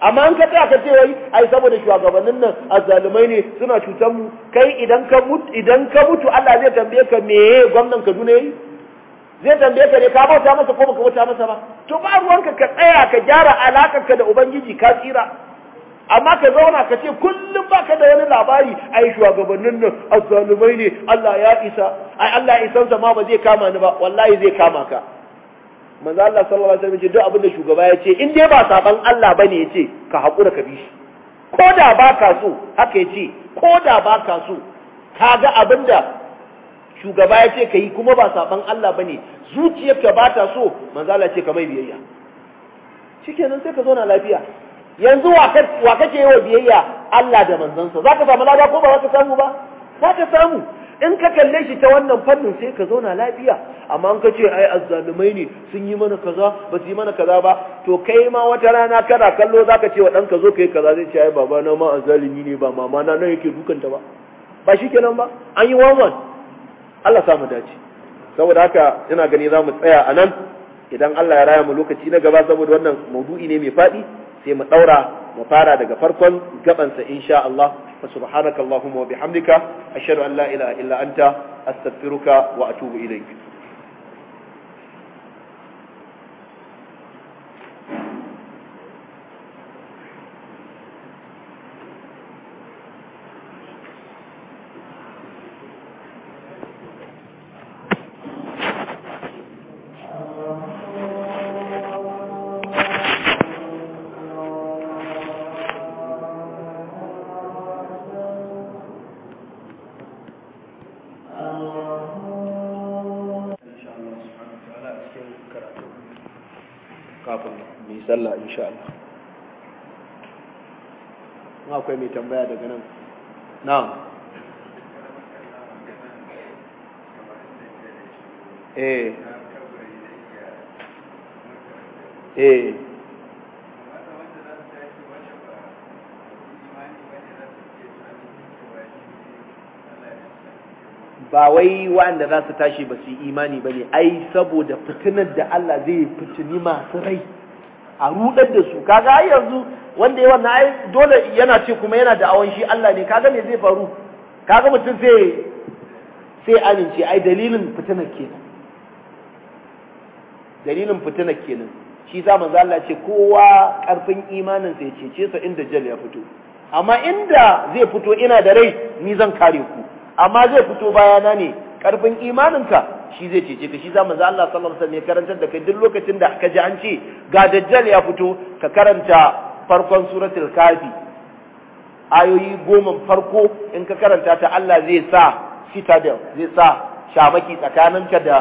amma an ka tsaya ka ce wai ai saboda shugabannin nan azzalumai ne suna cutar mu kai idan ka mutu idan ka mutu Allah zai tambaye ka meye gwamnan Kaduna yayi zai tambaye ka ne ka bauta masa ko baka bauta masa ba to ba ruwanka ka tsaya ka gyara alakarka da ubangiji ka tsira amma ka zauna ka ce kullum baka da wani labari ai shugabannin nan azzalumai ne Allah ya isa ai Allah ya sa ma ba zai kama ni ba wallahi zai kama ka manzo Allah sallallahu alaihi wasallam ce duk abin da shugaba ya ce in dai ba saban Allah bane ya ce ka hakura ka bi shi koda da ba so haka ya ce ko da ba ka so ka ga abin shugaba ya ce ka yi kuma ba saban Allah ba ne zuciyarka ba ta so manzala ce ka mai biyayya shi nan sai ka zauna lafiya yanzu wa kake yi wa biyayya Allah da manzansa za ka samu lada ko ba za ka samu ba za ka samu in ka kalle shi ta wannan fannin sai ka zauna lafiya amma in ka ce ai azzalumai ne sun yi mana kaza ba su yi mana kaza ba to kai ma wata rana kana kallo za ka ce wa dan ka zo kaza zai ce ai baba na ma azzalumi ne ba mama na nan yake dukanta ba ba shi kenan ba an yi wanwan Allah samu dace saboda haka ina gani za mu tsaya a nan idan Allah ya raya mu lokaci na gaba saboda wannan maudu'i ne mai faɗi sai mu ɗaura mu fara daga farkon gabansa insha Allah wa subhanakallahumma wa bihamdika ashhadu an la ilaha illa anta astaghfiruka wa atubu zuwa insha Allah akwai mai tambaya daga nan na eh eh ba wai wanda za su tashi ba su yi imani ba ne ai saboda fitinar da Allah zai fitini masu rai a rudar da su kaga har yanzu wanda wannan ai dole yana ce kuma yana da awon shi Allah ne kaga me zai faru kaga mutum sai sai amince ai dalilin fitinar kenan dalilin fitinar kenan shi sa manzo Allah ce kowa karfin imanin sai ya ce sa inda jal ya fito amma inda zai fito ina da rai ni zan kare ku amma zai fito bayana ne karfin imaninka shi zai cece ka shi za mu za Allah sallallahu alaihi wasallam ya karantar da kai duk lokacin da ka ji an ce ga dajjal ya fito ka karanta farkon suratul kafi ayoyi goma farko in ka karanta ta Allah zai sa citadel zai sa shamaki tsakaninka da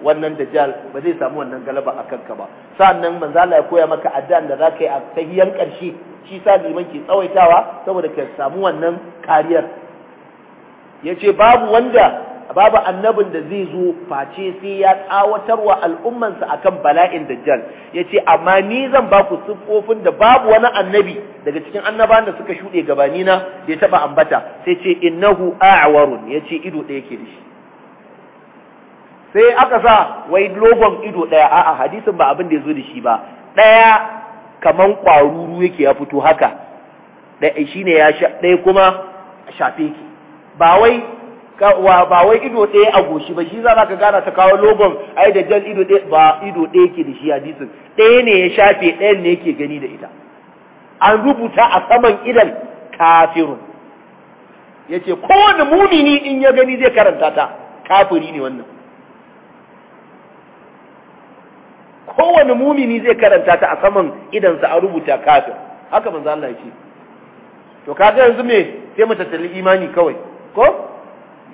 wannan dajjal ba zai samu wannan galaba a kanka ba sannan manzo Allah ya koya maka addu'an da zaka yi a tahiyan karshe shi sa liman ke tsawaitawa saboda ka samu wannan kariyar yace babu wanda babu annabin da zai zo face sai ya tsawatarwa al'ummansa akan bala'in dajjal yace amma ni zan ba ku siffofin da babu wani annabi daga cikin annabawan da suka shuɗe gabani na da ya taba ambata sai ce innahu a'warun yace ido ɗaya ke da shi sai aka sa wai logon ido ɗaya a'a hadisin ba abin da ya zo da shi ba ɗaya kaman kwaruru yake ya fito haka ɗaya shine ya ɗaya kuma shafe ki ba wai ba wai ido ɗaya a goshi ba shi za ka gana ta kawo logon ai da jan ido ɗaya ba ido ɗaya ke da shi a hadisin ɗaya ne ya shafe ɗaya ne yake gani da ita an rubuta a saman idan kafirun ya ce kowane ni in ya gani zai karanta ta kafiri ne wannan kowane ni zai karanta ta a saman idansa a rubuta kafir haka manzo Allah ya ce to kaga yanzu me sai mu tattali imani kawai ko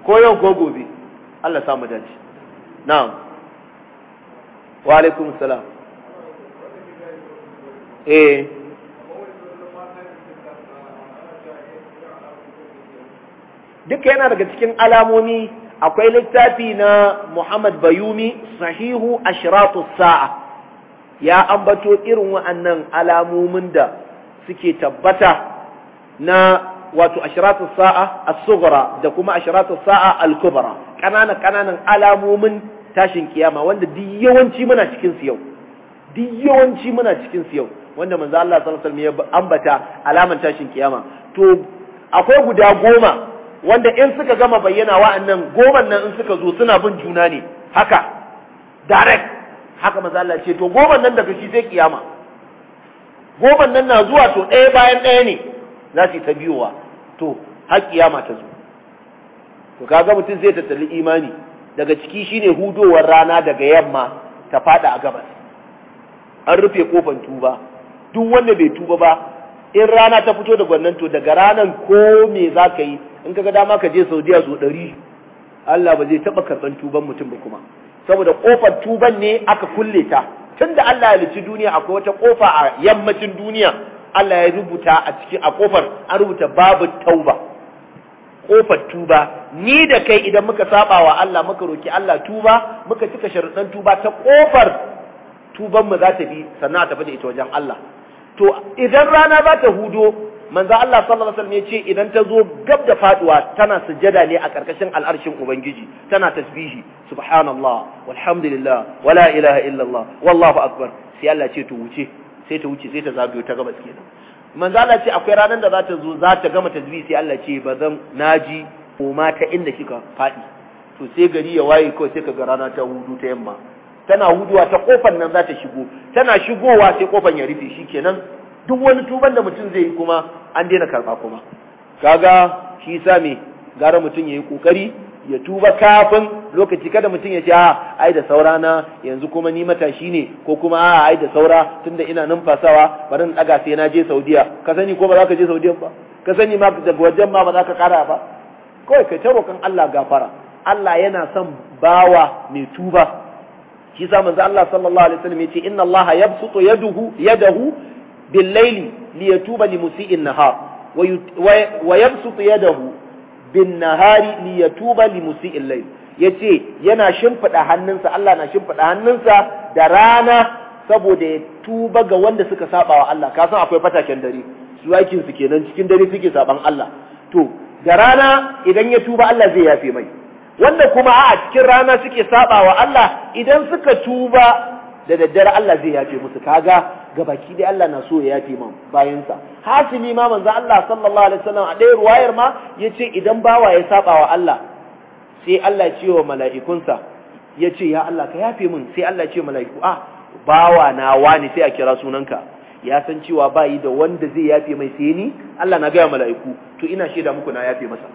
ko yau ko gobe Allah samu dace na'am wa salam eh duka yana daga cikin alamomi akwai littafi na Muhammad Bayumi sahihu ashratu sa'a ya ambato irin wa'annan alamomin da suke tabbata na wato ashiratu sa'a as-sughra da kuma ashiratu sa'a al-kubra kananan kananan alamomin tashin kiyama wanda duk yawanci muna cikin su yau duk yawanci muna cikin su yau wanda manzo Allah sallallahu alaihi wasallam ya ambata alaman tashin kiyama to akwai guda goma wanda in suka gama bayyana wa'annan goman nan in suka zo suna bin juna ne haka direct haka manzo Allah ce to goman nan daga shi sai kiyama goman nan na zuwa to ɗaya bayan ɗaya ne za su ta biyowa to har kiyama ta zo to kaga mutum zai tattali imani daga ciki shine hudowar rana daga yamma ta fada a gabas an rufe kofan tuba duk wanda bai tuba ba in rana ta fito da gwannan to daga ranan ko me za ka yi in kaga dama ka je saudiya zo ɗari Allah ba zai taɓa karɓar tuban mutum ba kuma saboda kofar tuban ne aka kulle ta tunda Allah ya lici duniya akwai wata kofa a yammacin duniya Allah ya rubuta a cikin a kofar an rubuta babu tauba kofar tuba ni da kai idan muka saba wa Allah muka roki Allah tuba muka cika sharuɗan tuba ta kofar tuban mu za ta bi sannan ta tafi ita wajen Allah to idan rana za ta hudo manzo Allah sallallahu alaihi wasallam ya ce idan ta zo gab da faduwa tana sujada ne a karkashin al'arshin ubangiji tana tasbihi subhanallah walhamdulillah wala ilaha illallah wallahu akbar sai Allah ce to wuce sai ta wuce sai ta zagayo ta gabas kenan manzo Allah ce akwai ranar da za ta zo za ta gama tazbi sai Allah ce ba zan naji koma ta inda kika faɗi to sai gari ya waye kawai sai ka ga rana ta hudu ta yamma tana huduwa ta kofar nan za ta shigo tana shigowa sai kofar ya rufe shikenan duk wani tuban da mutum zai yi kuma an daina karba kuma kaga shi sa me gara mutum yayi kokari ya tuba kafin lokaci kada mutum ya ce a ah, ai da saura na yanzu kuma ni matashi ne ko kuma a ah, ai da saura tunda ina numfasawa bari in daga sai na je Saudiya ka sani ko ba za ka je Saudiya ba ka sani ma daga wajen ma ba za ka kara ba kawai ka taro kan Allah gafara Allah yana son bawa mai tuba shi sa manzo Allah sallallahu alaihi wasallam yace inna Allah yabsutu yaduhu yadahu bil-layli liyatuba limusi'in nahar wa yabsutu yadahu bin nahari ya tuba li musi'il ya yace yana shimfida hannunsa Allah na shimfida hannunsa da rana saboda ya tuba ga wanda suka saba wa Allah ka san akwai fataken dare su su kenan cikin dare suke saban Allah to da rana idan ya tuba Allah zai yafe mai wanda kuma a cikin rana suke saba wa Allah idan suka tuba da daddare Allah zai yafe musu kaga baki dai Allah na so ya yafe man bayansa hasimi ma manzo Allah sallallahu alaihi wasallam a dai ruwayar ma yace idan bawa ya saba wa Allah sai Allah ya ce wa mala'ikunsa yace ya Allah ka yafe min sai Allah ya ce mala'iku ah bawa na wani sai a kira sunanka ya san cewa ba yi da wanda zai yafe mai sai ni Allah na gaya mala'iku to ina shaida muku na yafe masa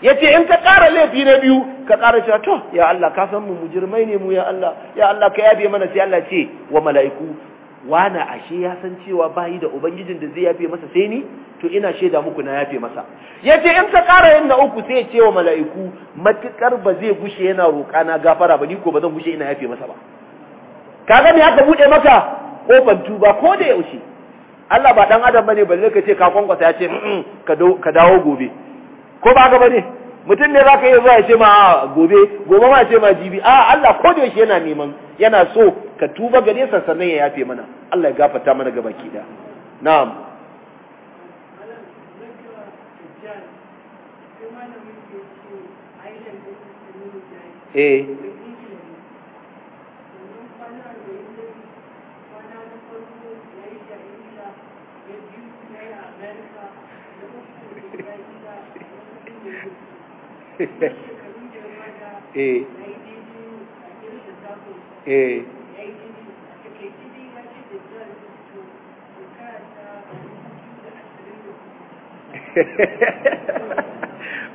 yace in ka kara laifi na biyu ka kara cewa to ya Allah ka san mu mujirmai ne mu ya Allah ya Allah ka yafe mana sai Allah ce wa mala'iku wana ashe ya san cewa bayi da ubangijin da zai yafe masa sai ni to ina shaida muku na yafe masa yace in ka kara yin na uku sai ya ce wa mala'iku matukar ba zai gushe yana roƙa na gafara ba ni ko ba zan gushe ina yafe masa ba kaga me haka bude maka kofar tuba ko da yaushe Allah ba dan adam bane balle ka ce ka kwankwasa ya ce ka dawo gobe ko ba ga bane mutum ne zaka iya zuwa ya ce ma ah, gobe gobe ma ce ma jibi a ah, Allah ko da yaushe yana neman yana so ka tuba gare sa sannan ya yafe mana Allah ya gafarta mana gaba ki da na'am eh eh Eh.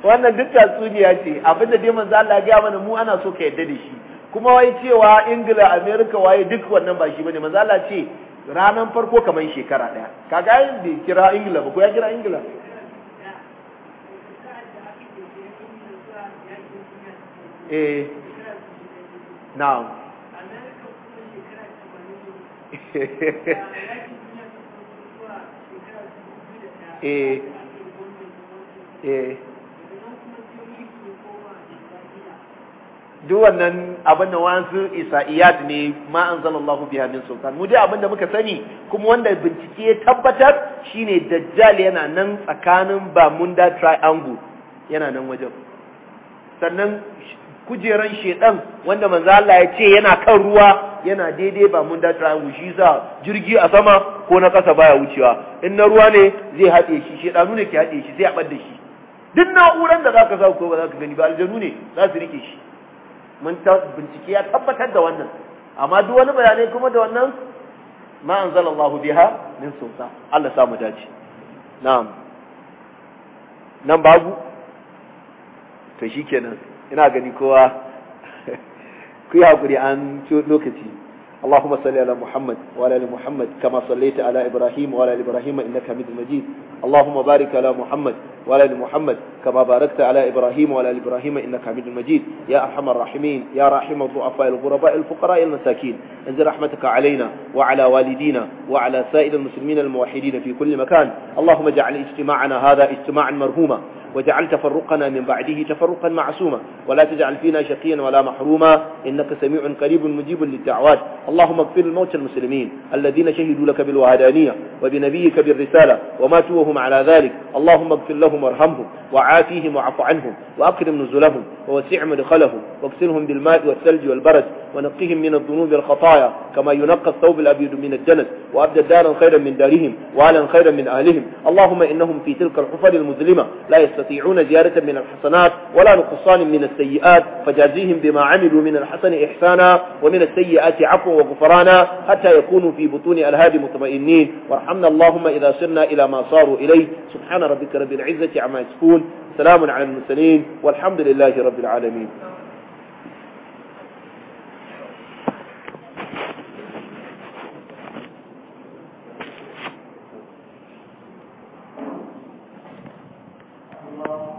wannan duk tatsuniya ce abinda dai manzo Allah ya mana mu ana so ka yadda da shi kuma wai cewa Ingila America waye duk wannan ba shi bane manzo Allah ce ranan farko kamar shekara daya kaga yin da kira Ingila ba ko ya kira Ingila eh na'am Eh. Eh. duk wannan abin da wasu isa'iyat ne ma Allah biya min sultan mu dai abin da muka sani kuma wanda bincike ya tabbatar shine dajjal yana nan tsakanin bamunda triangle yana nan wajen sannan kujeran shedan wanda manzo Allah ya ce yana kan ruwa yana daidai ba mun da triangle shi sa jirgi a sama ko na ƙasa baya wucewa in na ruwa ne zai haɗe shi shi ɗanu ne ke haɗe shi sai a ɓadda shi duk na'uran da ka sa ko ba za ka gani ba aljanu ne za su rike shi mun ta bincike ya tabbatar da wannan amma duk wani bayanai kuma da wannan ma anzalallahu biha min sulta Allah samu dace na'am nan babu to shikenan ina gani kowa كي yi أن an ci اللهم صل على محمد وعلى ال محمد كما صليت على ابراهيم وعلى ال ابراهيم انك حميد مجيد اللهم بارك على محمد وعلى ال محمد كما باركت على ابراهيم وعلى ال ابراهيم انك حميد مجيد يا ارحم الراحمين يا رحيم الضعفاء الغرباء الفقراء المساكين انزل رحمتك علينا وعلى والدينا وعلى سائر المسلمين الموحدين في كل مكان اللهم اجعل اجتماعنا هذا اجتماعا مرحوما وجعل تفرقنا من بعده تفرقا معصوما ولا تجعل فينا شقيا ولا محروما إنك سميع قريب مجيب للدعوات اللهم اغفر الموت المسلمين الذين شهدوا لك بالوهدانية وبنبيك بالرسالة وماتوا وهم على ذلك اللهم اغفر لهم وارحمهم وعافيهم وعف عنهم وأكرم نزلهم ووسع مدخلهم واكسرهم بالماء والثلج والبرد ونقهم من الذنوب والخطايا كما ينقى الثوب الأبيض من الجنس وأبدل دارا خيرا من دارهم وأهلا خيرا من أهلهم اللهم إنهم في تلك الحفر المظلمة لا يستطيعون يستطيعون زيارة من الحسنات ولا نقصان من السيئات فجازيهم بما عملوا من الحسن إحسانا ومن السيئات عفوا وغفرانا حتى يكونوا في بطون الهاد مطمئنين وارحمنا اللهم إذا سرنا إلى ما صاروا إليه سبحان ربك رب العزة عما يسكون سلام على المرسلين والحمد لله رب العالمين الله